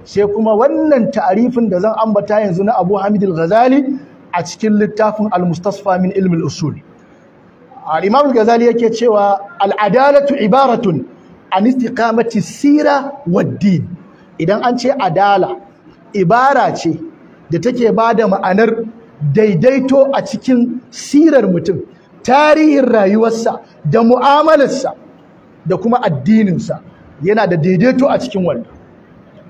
sai kuma wannan ta'arifin da zan ambata yanzu na Abu Hamid al-Ghazali a cikin littafin al-Mustasfa min ilm al-usul al-Imam al-Ghazali yake cewa al-adalatu ibaratun an istiqamati sira waddin idan an ce adala ibara ce da take bada ma'anar daidaito a cikin sirar mutum tarihin rayuwarsa da mu'amalarsa da kuma addininsa yana da daidaito a cikin wannan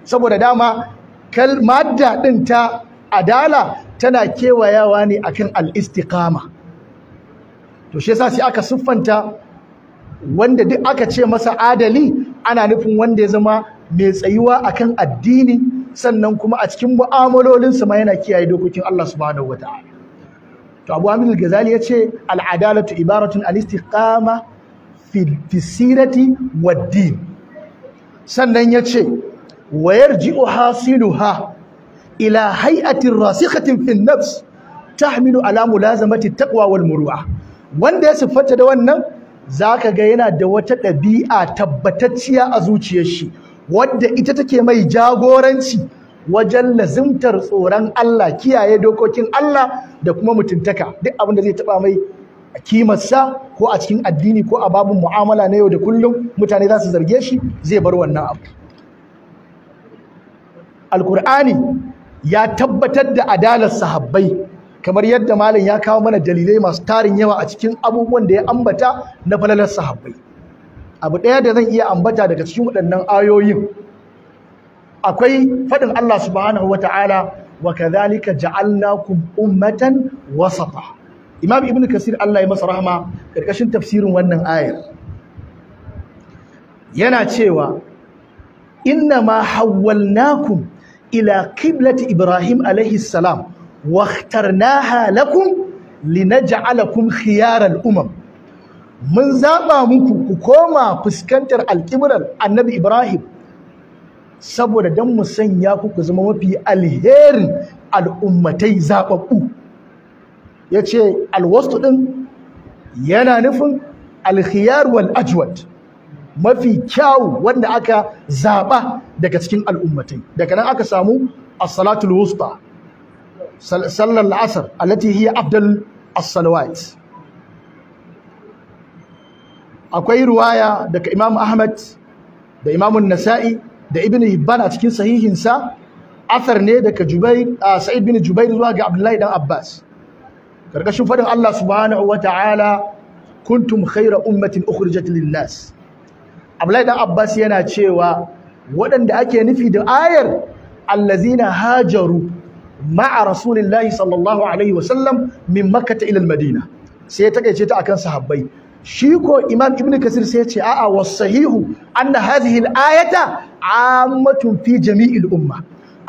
saboda dama kalmadda din ta adala tana kewayawa ne akan al-istiqama to shi yasa sai aka siffanta wanda duk aka ce masa adali ana nufin wanda ya zama mai tsayuwa akan addini sannan kuma a cikin mu'amalolinsa ma yana kiyaye dokokin Allah subhanahu wata'ala to Abu al-Ghazali yace ce, adalatu ibaratun al-istiqama fi sirati wa din sannan yace wayarji'u hasiluha ila hay'atin rasikhatin fi nafs tahmilu ala mulazamati at-taqwa wal-muru'ah wanda ya siffata da wannan za ka ga yana da wata ɗabi'a tabbatacciya a zuciyar shi wadda ita take mai jagoranci wajen lazimtar tsoron Allah kiyaye dokokin Allah da kuma mutuntaka duk abin da zai taba mai a kimarsa ko a cikin addini ko a babin mu'amala na yau da kullum mutane za su zarge shi zai bar wannan abu alkur'ani ya tabbatar da adalar sahabbai kamar yadda malam ya kawo mana dalilai masu tarin yawa a cikin abubuwan da ya ambata na falalar sahabbai abu ɗaya da zan iya ambata daga cikin waɗannan ayoyin akwai faɗin Allah subhanahu wa ta'ala wa kadhalika ja'alnakum ummatan wasafa. Imam Ibn Kasir Allah ya masa rahama karkashin tafsirin wannan ayar yana cewa inna ma hawwalnakum ila qiblati Ibrahim alaihi salam واخترناها لكم لنجعلكم خيار الأمم من زابا منكم كوما fuskantar الكبر annabi ibrahim saboda dan mu sanya ku zama mafi alherin al'ummatai zababbu yace alwastu din yana nufin alkhiyar wal ajwad mafi kyawu wanda aka zaba daga cikin al'ummatai daga nan aka samu as-salatul wusta sallar la'asar a hiya afdal as-salawat akwai ruwaya daga Imam Ahmad da Imam Nasa'i da Ibn Hibban a cikin sahihinsa asar ne daga Jubair Sa'id bin Jubair zuwa ga Abdullahi dan Abbas karkashin fadin Allah subhanahu wata'ala kuntum khayra ummatin ukhrijat Lillas. nas Abdullahi dan Abbas yana cewa waɗanda ake nufi da ayar allazina hajaru ma'a rasulillahi sallallahu alaihi wasallam min makkata ila madina sai ya takaice ta akan sahabbai shi ko imam ibnu kasir sai ya ce a'a was sahihu anna hadhihi al-ayata ammatun fi jami'il umma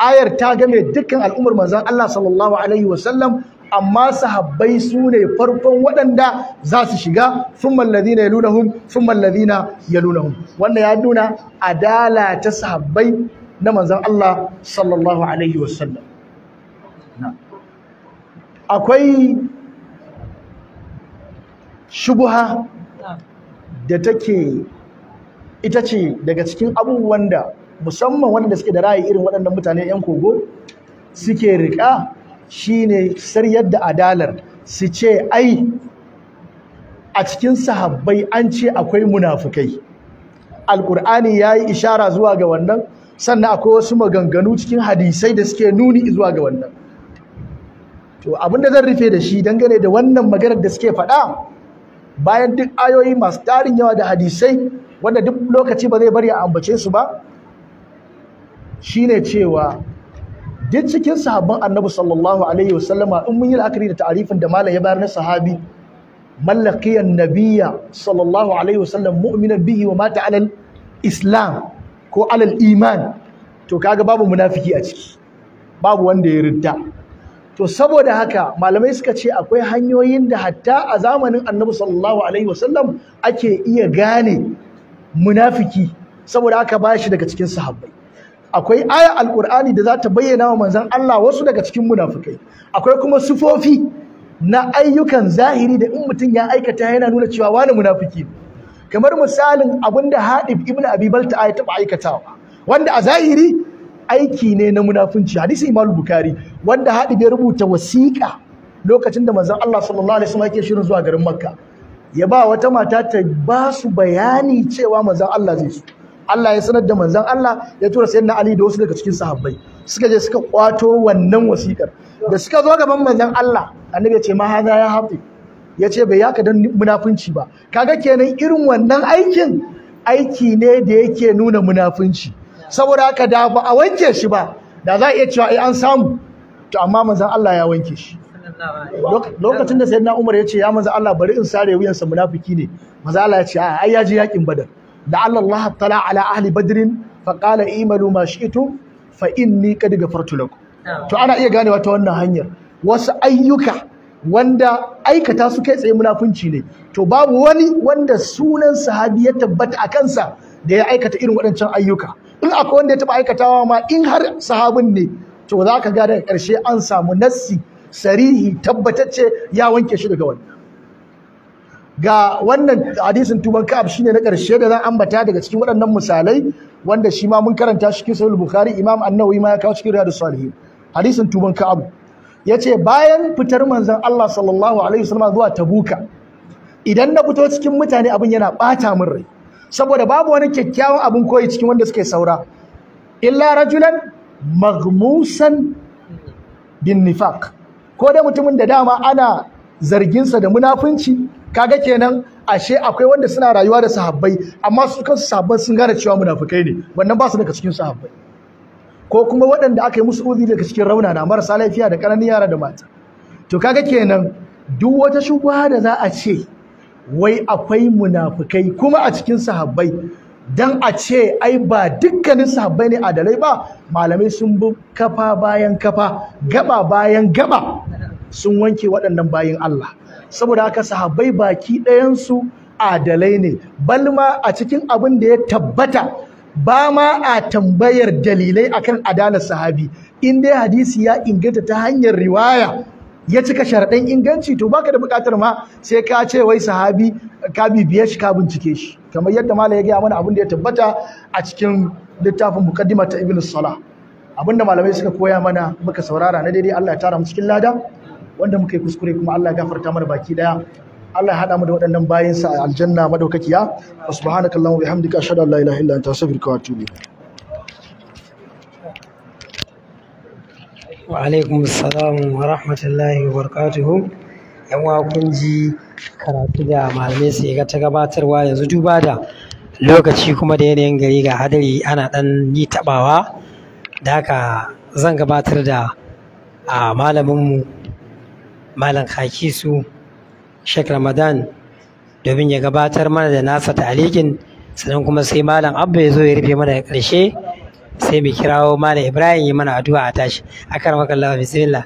ayar ta game dukkan al'ummar manzon Allah sallallahu alaihi wasallam amma sahabbai sune ne farkon waɗanda za su shiga thummal ladina yalunahum thummal ladina yalunahum wannan ya nuna adala ta sahabbai na manzon Allah sallallahu alaihi akwai shubuha da take ita ce daga cikin abubuwan da musamman wanda suke da ra'ayi irin waɗannan mutane 'yan kogo suke riƙa shine saryar da adalar su ce ai a cikin sahabbai an ce akwai munafukai alkur'ani ya yi ishara zuwa ga wannan sannan akwai wasu maganganu cikin hadisai da suke nuni zuwa ga wannan to abin da zan rufe da shi dangane da wannan maganar da suke faɗa bayan duk ayoyi masu tarin yawa da hadisai wanda duk lokaci ba zai bari a ambace su ba shine cewa duk cikin sahabban annabi sallallahu alaihi wasallama in mun yi la'akari da ta'arifin da malam ya bayar na sahabi mallakiyan nabiyya sallallahu alaihi wasallam mu'minan bihi wa mata alal islam ko alal iman to kaga babu munafiki a ciki babu wanda ya ridda to saboda haka malamai suka ce akwai hanyoyin da hatta a zamanin annabi sallallahu alaihi wasallam ake iya gane munafiki saboda haka ba shi daga cikin sahabbai akwai aya Al'ƙur'ani da za ta bayyana wa manzon Allah wasu daga cikin munafikai akwai kuma sufofi na ayyukan zahiri da in mutum ya aikata yana nuna cewa wani munafiki kamar misalin abinda Hadib ibn Abi Balta'a ya taba aikatawa wanda a zahiri aiki ne na munafunci hadisi imam bukari wanda haɗi bai rubuta wasiƙa lokacin da manzon Allah sallallahu alaihi wasallam yake shirin zuwa garin makka ya ba wata mata ta ba su bayani cewa manzon Allah zai su Allah ya sanar da manzon Allah ya tura sayyidina Ali da wasu daga cikin sahabbai suka je suka kwato wannan wasiƙar. da suka zo gaban manzon Allah annabi ya ce ma haza ya hafi ya ce bai yaka dan munafunci ba kaga kenan irin wannan aikin aiki ne da yake nuna munafunci saboda haka da ba a wanke shi ba da za a iya cewa ai eh, an samu to amma manzon Allah ya wanke shi lokacin da sayyidina Umar ya ce ya manzon Allah bari in sare wuyansa munafiki ne manzon Allah ya ce a ai ya ji yakin Badar da Allah Allah tala ala ahli badrin fa qala imalu ma shi'tu fa inni qad ghafartu lakum to ana iya ganewa ta wannan hanyar wasu ayyuka wanda aikata su kai tsaye munafunci ne to babu wani wanda sunan sahabi ya tabbata a kansa da ya aikata irin waɗancan ayyuka in akwai wanda ya taɓa aikatawa ma in har sahabin ne to za ka ga daga ƙarshe an samu nassi sarihi tabbatacce ya wanke shi daga wannan ga wannan hadisin tuban ka'ab shine na ƙarshe da zan ambata daga cikin waɗannan misalai wanda shi ma mun karanta shi cikin sahih bukhari imam annawi ma ya kawo cikin riyadus salihin hadisin tuban ka'ab ce bayan fitar manzon Allah sallallahu alaihi wasallam zuwa tabuka idan na fito cikin mutane abin yana ɓata min rai saboda babu wani kyakkyawan abin koyi cikin wanda suke saura illa rajulan maghmusan bin nifaq ko da mutumin da dama ana zarginsa da munafunci kaga kenan ashe akwai wanda suna rayuwa da sahabbai amma su kansu sahabban sun gane cewa munafukai ne wannan ba su daga cikin sahabbai ko kuma waɗanda aka yi musu uzi daga cikin rauna na marasa lafiya da ƙananan yara da mata to kaga kenan duk wata shubha da za a ce wai akwai munafukai kuma a cikin sahabbai dan a ce ai ba dukkanin sahabbai ne adalai ba malamai sun bi kafa bayan kafa gaba bayan gaba sun wanke waɗannan bayin Allah saboda haka sahabbai baki ɗayansu adalai ne balma a cikin abin da ya tabbata ba ma a tambayar dalilai akan adalar sahabi in dai hadisi ya inganta ta hanyar riwaya ya cika sharaɗin inganci to baka da buƙatar ma sai ka ce wai sahabi ka bibiye shi ka bincike shi kamar yadda malam ya gaya mana abin da ya tabbata a cikin littafin muqaddima ta ibnu salah abinda malamai suka koya mana muka saurara na daidai Allah ya tara mu cikin lada wanda muka yi kuskure kuma Allah ya gafarta mana baki daya Allah ya hada mu da waɗannan bayinsa a aljanna madaukakiya subhanakallahumma wa bihamdika ashhadu an la ilaha illa anta astaghfiruka wa atubu ilayk wa alaikum salam wa rahmatullahi wa barakatuhu yan wa kun ji karatu da malamai su ga ta gabatarwa yanzu duba da lokaci kuma da yanayin gari ga hadari ana dan yi tabawa da haka zan gabatar da a mu malam hakisu shek ramadan domin ya gabatar mana da nasa talikin sannan kuma sai malam abba ya zo ya rufe mana ƙarshe sai mai kirawo Malam Ibrahim ya mana addu'a a tashi akan makallah bismillah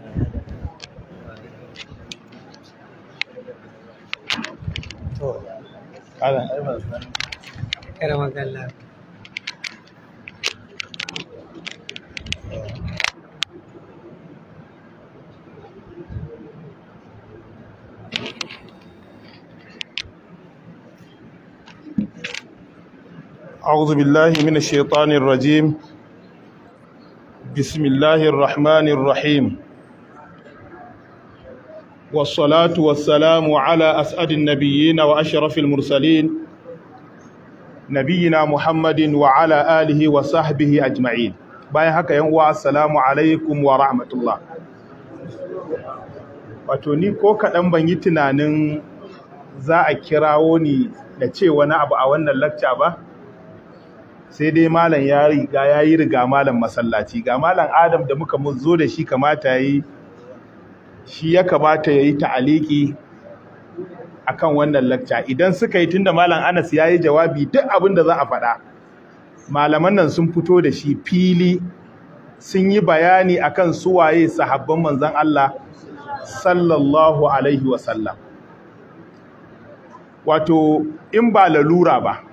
to kada Karamakallah. أعوذ بالله من الشيطان الرجيم بسم الله الرحمن الرحيم والصلاة والسلام على أسعد النبيين وأشرف المرسلين نبينا محمد وعلى آله وصحبه أجمعين bayan haka yan uwa assalamu alaikum wa rahmatullah wato ni ko kaɗan ban yi tunanin za a kirawo ni da ce wani abu a wannan lacca ba sai dai malam ya riga ya yi riga malam masallaci ga malam adam da muka zo da shi kamata yi shi ya kamata ya yi ta'aliki akan wannan lakca idan suka yi tunda malam anas ya yi jawabi duk abin da za a faɗa malaman nan sun fito da shi fili sun yi bayani akan su waye sahabban manzan Allah sallallahu alaihi wasallam wato in ba lalura ba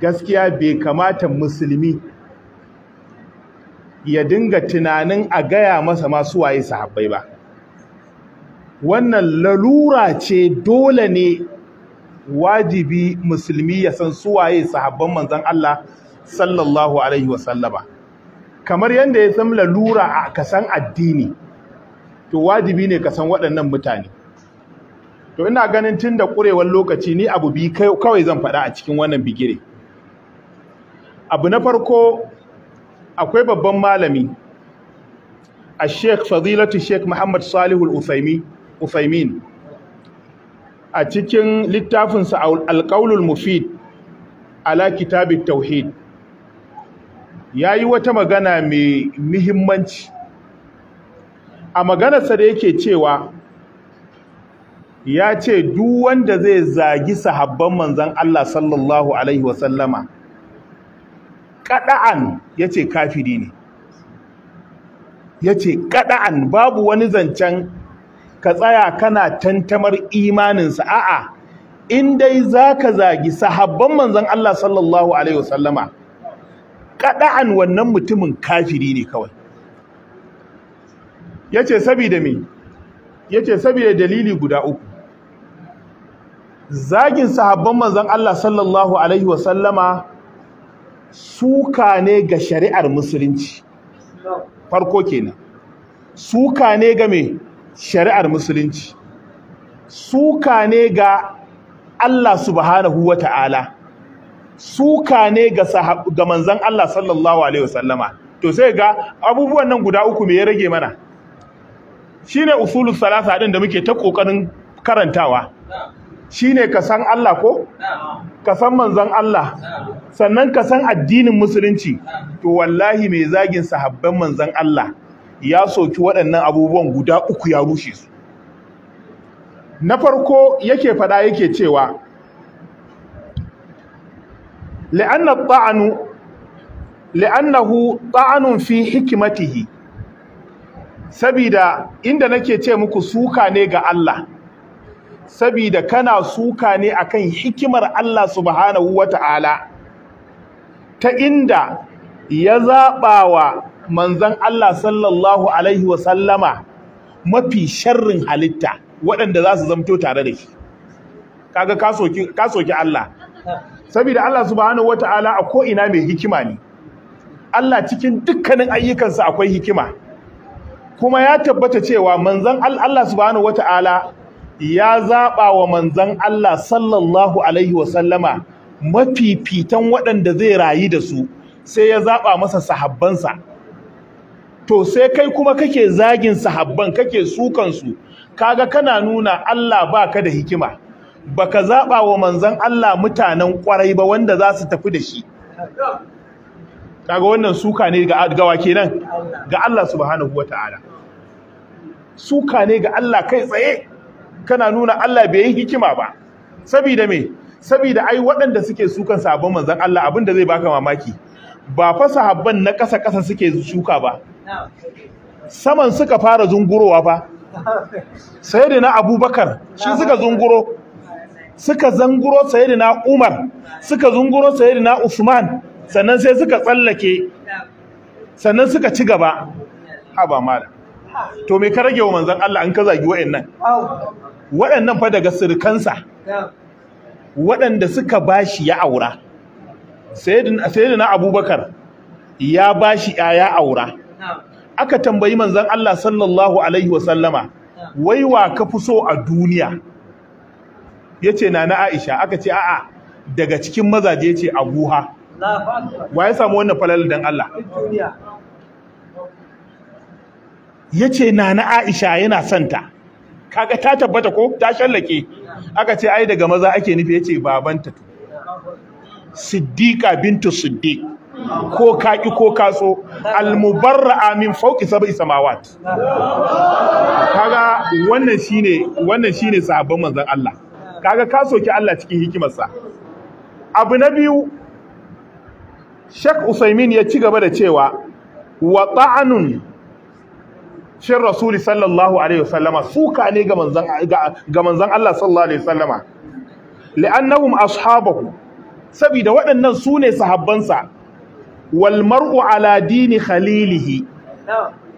gaskiya bai kamata musulmi ya dinga tunanin a gaya masa masu waye sahabbai ba wannan lalura ce dole ne wajibi musulmi ya san su waye sahabban manzon Allah sallallahu alaihi wasallama kamar yadda ya san lalura a kasan addini to wajibi ne kasan waɗannan mutane to ina ganin tun da ƙurewar lokaci ni abu bi kawai zan faɗa a cikin wannan bigire abu na farko akwai babban malami a sheik fadilatu sheik muhammad salihul ufaimin. a cikin littafinsa alƙaulul mufid ala kitabit tauhid ya yi wata magana mai muhimmanci a maganarsa da yake cewa ya ce duk wanda zai zagi sahabban manzan Allah sallallahu Alaihi wasallama kada'an ya ce kafiri ne ya ce kada'an babu wani zancen ka tsaya kana tantamar imaninsa a'a in dai za ka zagi sahabban manzan Allah sallallahu alaihi wasallama kada'an wannan mutumin kafiri ne kawai ya ce saboda me ya ce saboda dalili guda uku zagin sahabban manzan Allah sallallahu alaihi wasallama suka ne ga shari'ar musulunci farko kenan suka ne ga me shari'ar musulunci suka ne ga Allah subhanahu wa suka ne ga ga manzon Allah sallallahu alaihi wasallama to sai ga abubuwan nan guda uku me ya rage mana shine usulul salasa din da muke ta kokarin karantawa shine ka san Allah ko ka san manzon Allah sannan ka san addinin musulunci to wallahi mai zagin sahabban manzon Allah ya soki waɗannan abubuwan guda uku ya rushe su na farko yake faɗa yake cewa لأن ta'anun fi hikimatihi sabida inda nake ce muku suka ne ga Allah. sabida kana suka ne akan hikimar Allah subhanahu wata'ala ta inda ya zaɓa wa manzon Allah sallallahu alaihi wa sallama mafi sharrin halitta waɗanda za su zamto tare da shi kaga ka soki Allah saboda Allah subhanahu wata'ala a ko ina mai hikima ne Allah cikin dukkanin ayyukansa akwai hikima kuma ya tabbata cewa manzon Allah subhanahu wata'ala ya zaɓa wa manzan Allah sallallahu alaihi wasallama mafifitan waɗanda zai rayu da su sai ya zaɓa masa sahabbansa to sai kai kuma kake zagin sahabban kake sukansu kaga kana nuna Allah ba ka da hikima baka zaɓa wa manzan Allah mutanen ƙwarai ba wanda za su tafi da shi kaga wannan suka ne ga gawa kenan ga Allah subhanahu suka ne ga Allah kai tsaye kana nuna Allah bai yi hikima ba saboda me saboda ai waɗanda suke sukan sabon manzon Allah abin da zai baka mamaki ba fa sahabban na ƙasa ƙasa suke shuka ba saman suka fara zungurowa fa sayyidina Abubakar shi suka zunguro suka zunguro sayyidina Umar suka zunguro sayyidina Usman sannan sai suka tsallake sannan suka ci gaba haba malam to me ka rage wa manzon Allah an ka zagi wa'annan waɗannan fa daga sirkansa waɗanda suka ba shi ya aura sayyidina abubakar ya ba shi ya aura aka tambayi manzan Allah sallallahu alaihi wasallama wai ka fi so a duniya ce na na Aisha aka ce a'a daga cikin mazaje ce abuha wa ya samu wannan falal don Allah yace na na Aisha yana santa kaga ta tabbata ko ta shallake aka ce ai daga maza ake nufi yace babanta to siddiqa bintu siddiq ko ki ko al almubarra'a min fawqi sab'i samawat kaga wannan shine wannan shine sahabban manzon Allah kaga ka soki Allah cikin hikimarsa abu na biyu Sheikh Usaimin ya ci gaba da cewa wa ta'anun shin rasuli sallallahu alaihi wasallama suka ne ga manzan ga manzan Allah sallallahu alaihi wasallama li'annahum ashabahu saboda waɗannan su ne sahabbansa wal mar'u ala dini khalilihi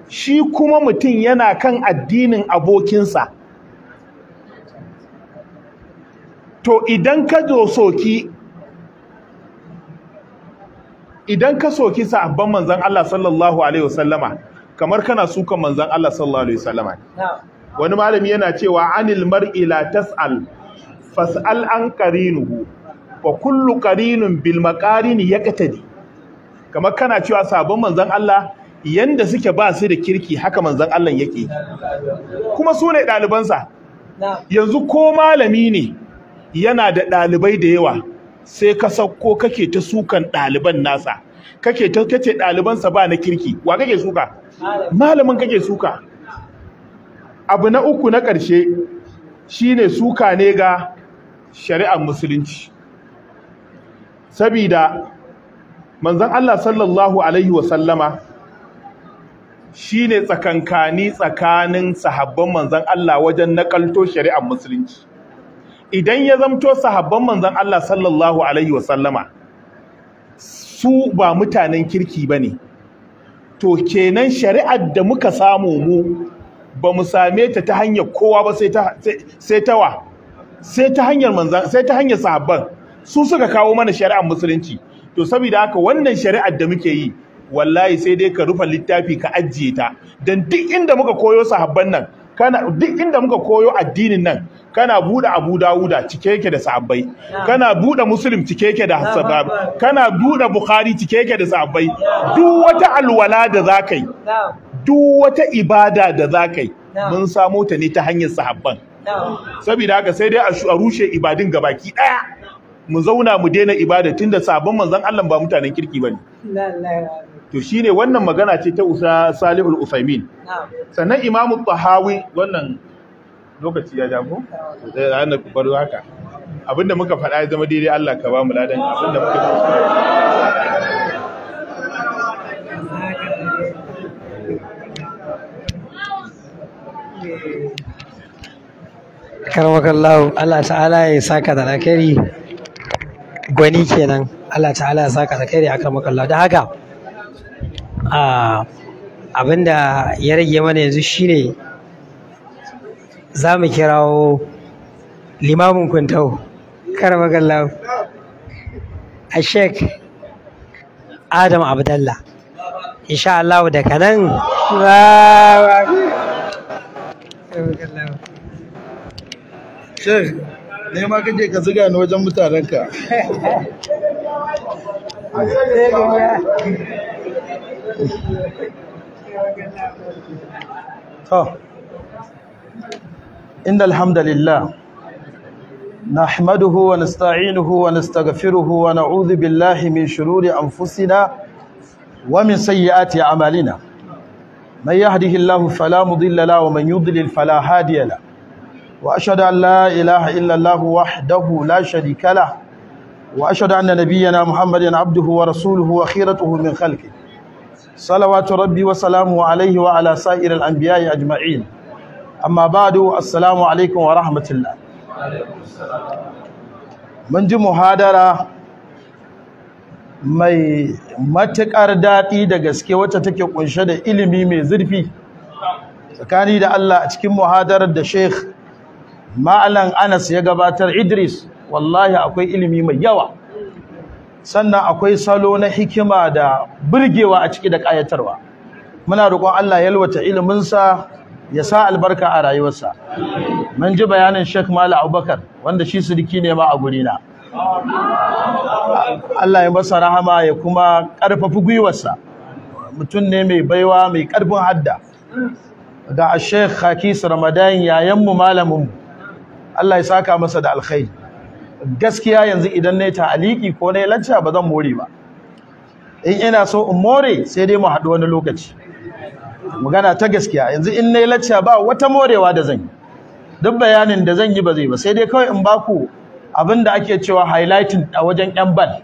shi kuma mutum yana kan addinin abokinsa to idan ka soki idan ka soki sahabban manzan Allah sallallahu alaihi wasallama kamar kana sukan manzan Allah sallallahu alaihi wasallama wani malami yana cewa anil mar'i la tas'al fas'al an qarinuhu fa kullu qarinun bil maqarini yaqtadi kamar kana cewa sabon manzan Allah yanda suke ba su da kirki haka manzan Allah yake kuma su ne ɗalibansa yanzu ko malami ne yana da dalibai da yawa sai ka sauko kake ta sukan daliban nasa kake kace ɗalibansa ba na kirki wa kake suka malamin kake suka abu na uku na ƙarshe shine suka ne ga shari'ar musulunci sabida manzon Allah sallallahu alaihi wa sallama shine tsakankani tsakanin sahabban manzon Allah wajen nakalto shari'ar musulunci idan ya zamto sahabban manzon Allah sallallahu alaihi wa sallama su ba mutanen kirki ba ne to kenan shari'ar da muka samu mu ba mu same ta ta hanyar kowa ba sai ta wa sai ta hanyar sahabban su suka kawo mana shari'ar musulunci to saboda haka wannan shari'ar da muke yi wallahi sai dai ka rufe littafi ka ajiye ta Don duk inda muka koyo sahabban nan kana duk inda muka koyo addinin nan kana bude Abu Dawuda cike yake da sahabbai kana bude Muslim cike yake da sahabbai kana bude Bukhari cike yake da sahabbai duk wata alwala da zakai duk wata ibada da zakai mun samo ta ne ta hanyar sahabban saboda haka sai dai a rushe ibadin gabaki daya mu zauna mu daina ibada tunda sabon manzon Allah ba mutanen kirki bane to shi ne wannan magana ce ta usa salihul ufaimin sannan imamu tahawi wannan lokaci ya damu? zai eh, ana kubar haka abinda muka faɗa ya zama daidai Allah ka ba mu ladan abinda muka karwakallahu Allah ta'ala ya saka da alkhairi gwani kenan Allah ta'ala ya saka da a akan makallahu da haka abin da ya rage mana yanzu shine za mu kirawo limamin kuntau karamagallahu a sheik adam abdallah insha Allah daga nan ne ma kake ka ziga ni wajen mutanenka. إن الحمد لله نحمده ونستعينه ونستغفره ونعوذ بالله من شرور أنفسنا ومن سيئات أعمالنا من يهده الله فلا مضل له ومن يضلل فلا هادي له وأشهد أن لا إله إلا الله وحده لا شريك له وأشهد أن نبينا محمد عبده ورسوله وخيرته من خلقه salawatu rabbi wa salamu alaihi wa ala sa'ir al-anbiya ajma'in amma ba'du assalamu alaikum wa rahmatullah mun ji muhadara mai matukar daɗi da gaske wacce take kunshe da ilimi mai zurfi tsakani da Allah a cikin muhadarar da Sheikh Malam Anas ya gabatar Idris wallahi akwai ilimi mai yawa sannan akwai salo na hikima da burgewa a ciki da ƙayatarwa muna roƙon Allah ya yalwata iliminsa ya sa albarka a rayuwarsa mun ji bayanin Sheikh Mala Abubakar wanda shi sirki ne ma a gurina Allah ya masa rahama ya kuma ƙarfafi gwiwarsa mutum ne mai baiwa mai ƙarfin hadda ga Sheikh Hakis Ramadan yayanmu malamin Allah ya saka masa da alkhairi gaskiya yanzu idan na yi ta'aliki ko na yi lacca ba zan more ba in ina so in more sai dai mu haɗu wani lokaci magana ta gaskiya yanzu in na yi lacca ba wata morewa da zan yi duk bayanin da zan yi ba zai ba sai dai kawai in ba ku abin da ake cewa highlighting a wajen yan ban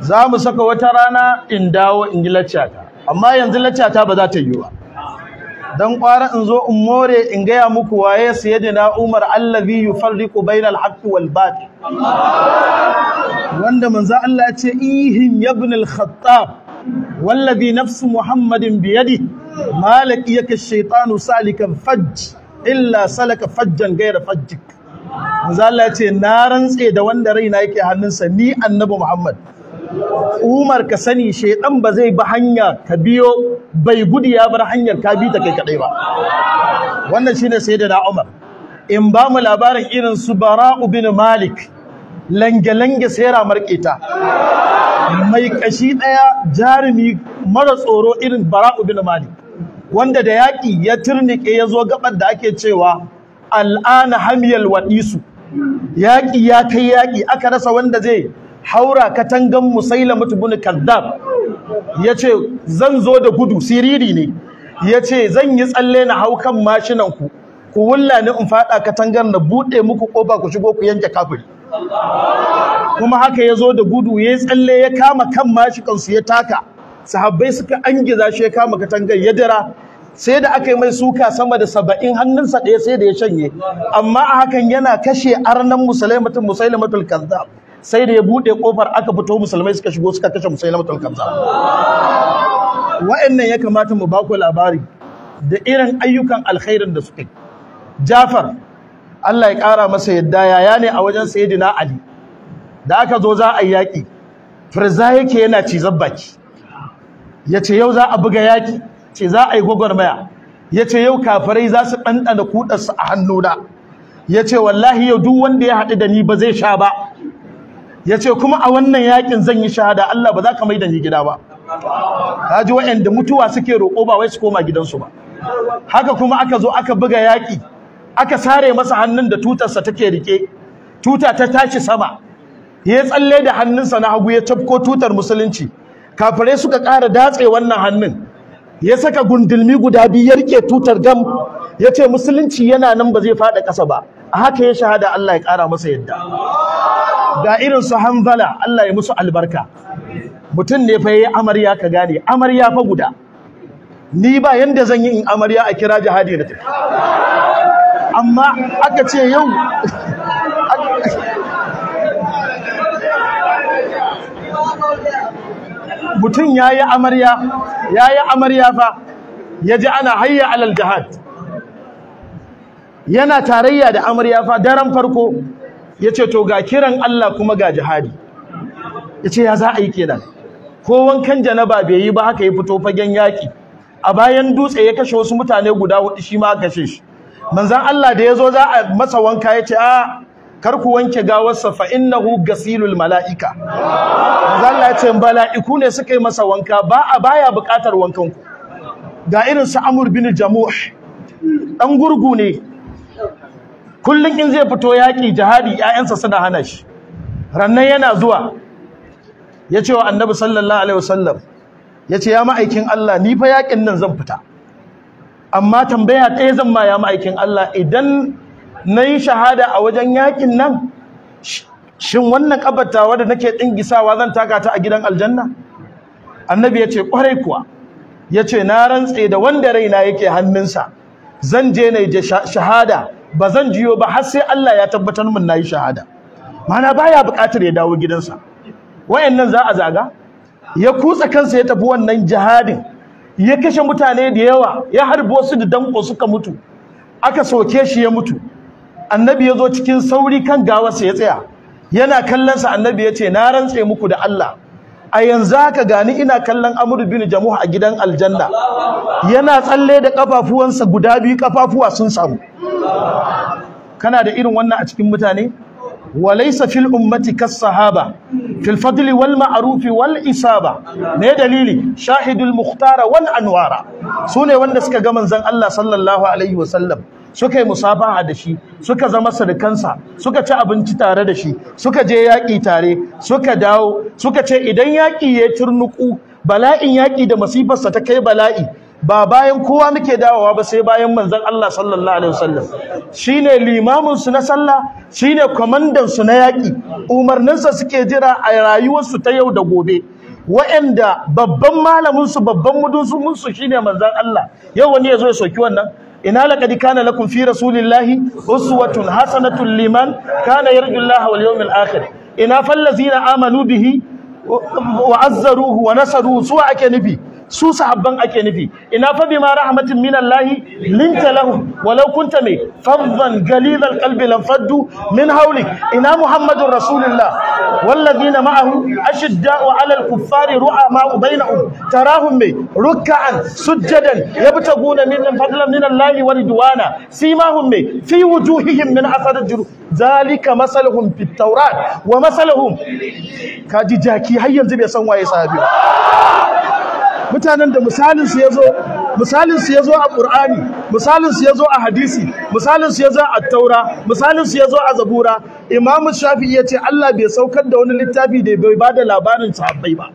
za mu saka wata rana in dawo in yi lacca ta amma yanzu lacca ta ba za ta yi ba dan kwara in zo in more in gaya muku waye na Umar allazi yufarriqu bainal haqqi wal batil wanda manza Allah ya ce ihim ibn al-khattab wallazi nafsu muhammadin biyadi malik yake shaitanu salikan fajj illa salaka fajjan gaira fajjik manzo Allah ce na rantse da wanda raina yake hannunsa ni annabi muhammad Umar ka sani shaidan ba zai ba hanya ka biyo bai gudu ya bar hanyar ka bi ta kai kadai ba wannan shine sayyidina Umar in ba mu labarin irin su Bara'u bin Malik lange-lange ra marketa mai kashi daya jarumi mara tsoro irin Bara'u bin Malik wanda da yaki ya turnike ya zo gabar da ake cewa al'ana hamiyal wadisu yaƙi ya kai yaki aka rasa wanda zai haura katangan musailama ibn Ya yace zan zo da gudu siriri ne yace zan yi tsalle na hau kan mashinan ku ku wulla in fada katangan na bude muku kofa ku shigo ku yanke kafiri kuma haka ya zo da gudu ya yi tsalle ya kama kan mashikansu ya taka sahabbai suka angiza shi ya kama katangar ya dira sai da aka yi mai suka sama da saba'in hannunsa ɗaya sai da ya shanye amma a hakan yana kashe arnan musulai mutum kazzab sai da ya buɗe kofar aka fito musulmai suka shigo suka kashe musulmai kamza wa'annan ya kamata mu baku labari da irin ayyukan alkhairin da suke jafar Allah ya kara masa yadda yaya ne a wajen sayyidina ali da aka zo za a yi firza yake yana cizar baki ya ce yau za a buga yaki ce za a yi gwagwarmaya ya ce yau kafirai za su ɗanɗana kuɗarsu a hannu ya ce wallahi yau duk wanda ya haɗu da ni ba zai sha ba ya ce kuma a wannan yakin zan yi shahada Allah ba za ka mai da ni gida ba ka ji waɗanda mutuwa suke roƙo ba wai su koma gidansu ba haka kuma aka zo aka buga yaƙi aka sare masa hannun da tutarsa take rike tuta ta tashi sama ya tsalle da hannunsa na hagu ya tafko tutar musulunci kafirai suka ƙara datse wannan hannun ya saka gundulmi guda biyu ya rike tutar gam ya ce musulunci yana nan ba zai faɗa ƙasa ba a haka ya shahada Allah ya ƙara masa yadda ga irin su hanzala Allah ya musu albarka mutum ne fa yayi amarya ka gane amarya fa guda ni ba yanda zan yi in amarya a kira jihadi na tafi amma aka ce yau mutum yayi amarya yayi amarya fa yaji ana hayya alal jihad yana tarayya da amarya fa daren farko Ya ce to ga kiran Allah kuma ga jihadi yace ya za a yi kenan ko wankan janaba bai yi ba haka ya fito fagen yaki a bayan dutse ya kashe wasu mutane guda hudu shi ma kashe shi manzon Allah da yazo za a masa wanka ya ce a kar ku wanke gawarsa fa innahu gasilul malaika manzon Allah ce mala'iku ne suka yi masa wanka ba a baya buƙatar wankan ku ga irin su Amr bin Jamuh dan gurgu ne kullum in zai fito yaƙi jihadi ‘ya'yansa suna hana shi rannan yana zuwa ya ce wa annabi sallallahu alaihi wasallam ya ce ya ma'aikin Allah ni fa yaƙin nan zan fita amma tambaya ɗaya zan ma ya ma'aikin Allah idan na yi shahada a wajen yaƙin nan shin wannan ƙabatawa da nake ɗingisawa zan taka ta a gidan aljanna annabi ya ce ƙwarai kuwa ya ce na rantse da wanda raina yake hannunsa zan je na yi shahada ba zan jiyo ba har sai Allah ya tabbatar min nayi shahada mana baya buƙatar ya dawo gidansa wayannan za a zaga ya kutsa kansa ya tafi wannan jihadin ya kashe mutane da yawa ya harbo su da danko suka mutu aka soke shi ya mutu annabi ya zo cikin sauri kan gawarsa ya tsaya yana kallon sa annabi ya ce na rantse muku da Allah a yanzu haka gani ina kallon Amr bin Jamuh a gidan aljanna yana tsalle da kafafuwansa guda biyu kafafuwa sun samu kana da irin wannan a cikin mutane Walaisafil fil ummati kas sahaba fil fadli wal ma'ruf wal isaba ne dalili shahidul mukhtara wal anwara sune wanda suka ga manzon Allah sallallahu alaihi wasallam suka yi musabaha da shi suka zama sadakansa suka ci abinci tare da shi suka je yaƙi tare suka dawo suka ce idan yaƙi ya turnuku bala'in yaƙi da masifarsa ta kai bala'i ba bayan kowa muke dawowa ba sai bayan manzon Allah sallallahu alaihi wasallam shine limamin su na sallah shine komandan su na yaki umarnin sa suke jira a rayuwar su ta yau da gobe wa'anda babban malamin su babban mudusun su shine manzon Allah yau wani yazo ya soki wannan ina laqad kana lakum fi rasulillahi uswatun hasanatun liman kana yarju Allah wal yawmil akhir ina fallazina amanu bihi wa azzaruhu wa nasaruhu suwa ake nufi su sahabban ake nufi ina fa bima rahmatin minallahi linta lahum walau kunta me fadhan galil alqalbi lam min hauli, ina muhammadur rasulullah walladina ma'ahu ashidda'u 'ala alkuffari ru'ama bainahum tarahum me ruk'an sujadan yabtaguna min fadlan minallahi wa ridwana simahum me fi wujuhihim min asad aljuru zalika masaluhum fit tawrat wa masaluhum kaji jaki har yanzu bai san waye sahabi mutanen da misalin su yazo misalin su yazo a Qur'ani misalin su yazo a hadisi misalin su yazo a Taura misalin su yazo a Zabura shafi' Shafi'i ce Allah bai saukar da wani littafi da bai bada labarin sahabbai ba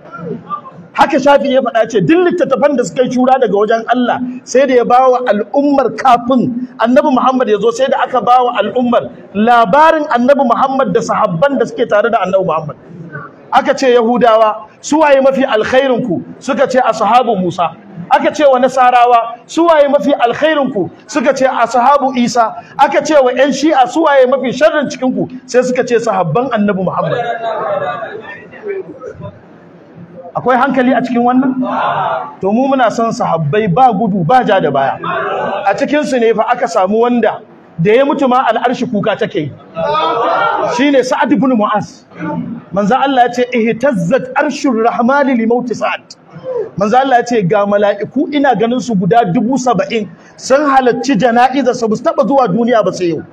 haka shafi ya faɗa ce duk littattafan da suka yi shura daga wajen Allah sai da ya bawa al'ummar kafin annabi Muhammad ya zo sai da aka bawa al'ummar labarin annabi Muhammad da sahabban da suke tare da annabi Muhammad aka ce yahudawa suwaye mafi alkhairinku suka ce ashabu musa aka ce wa nasarawa suwaye mafi alkhairinku suka ce ashabu isa aka ce wa yan shi'a suwaye mafi sharrin cikinku sai suka ce sahabban annabi muhammad akwai hankali a cikin wannan to mu muna son sahabbai ba gudu ba ja da baya a cikin su ne fa aka samu wanda da ya mutu ma al'arshi kuka take Shi ne sa'ad ibn mu'az Manza Allah ya ce tazzat arshin rahmani li sa'ad Manza Allah ya ce ga mala'iku ina ganin su guda dubu saba'in sun halarci jana'iza su taɓa zuwa duniya ba sai yau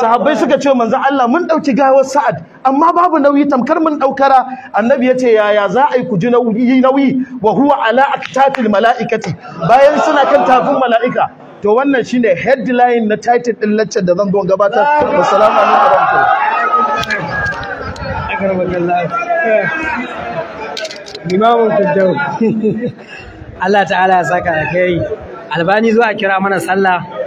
sahabbai suka ce manza Allah mun ɗauki gawar sa'ad amma babu nauyi tamkar mun ɗaukara annabi ya ce yaya za a yi ku ji nauyi nauyi wa huwa ala aktatil mala'ikati bayan suna kan tafin mala'ika to wannan shine headline na title din laccan da zan zo gabatar assalamu alaikum warahmatullahi Allah ta'ala ya saka da kai albani zuwa kira mana sallah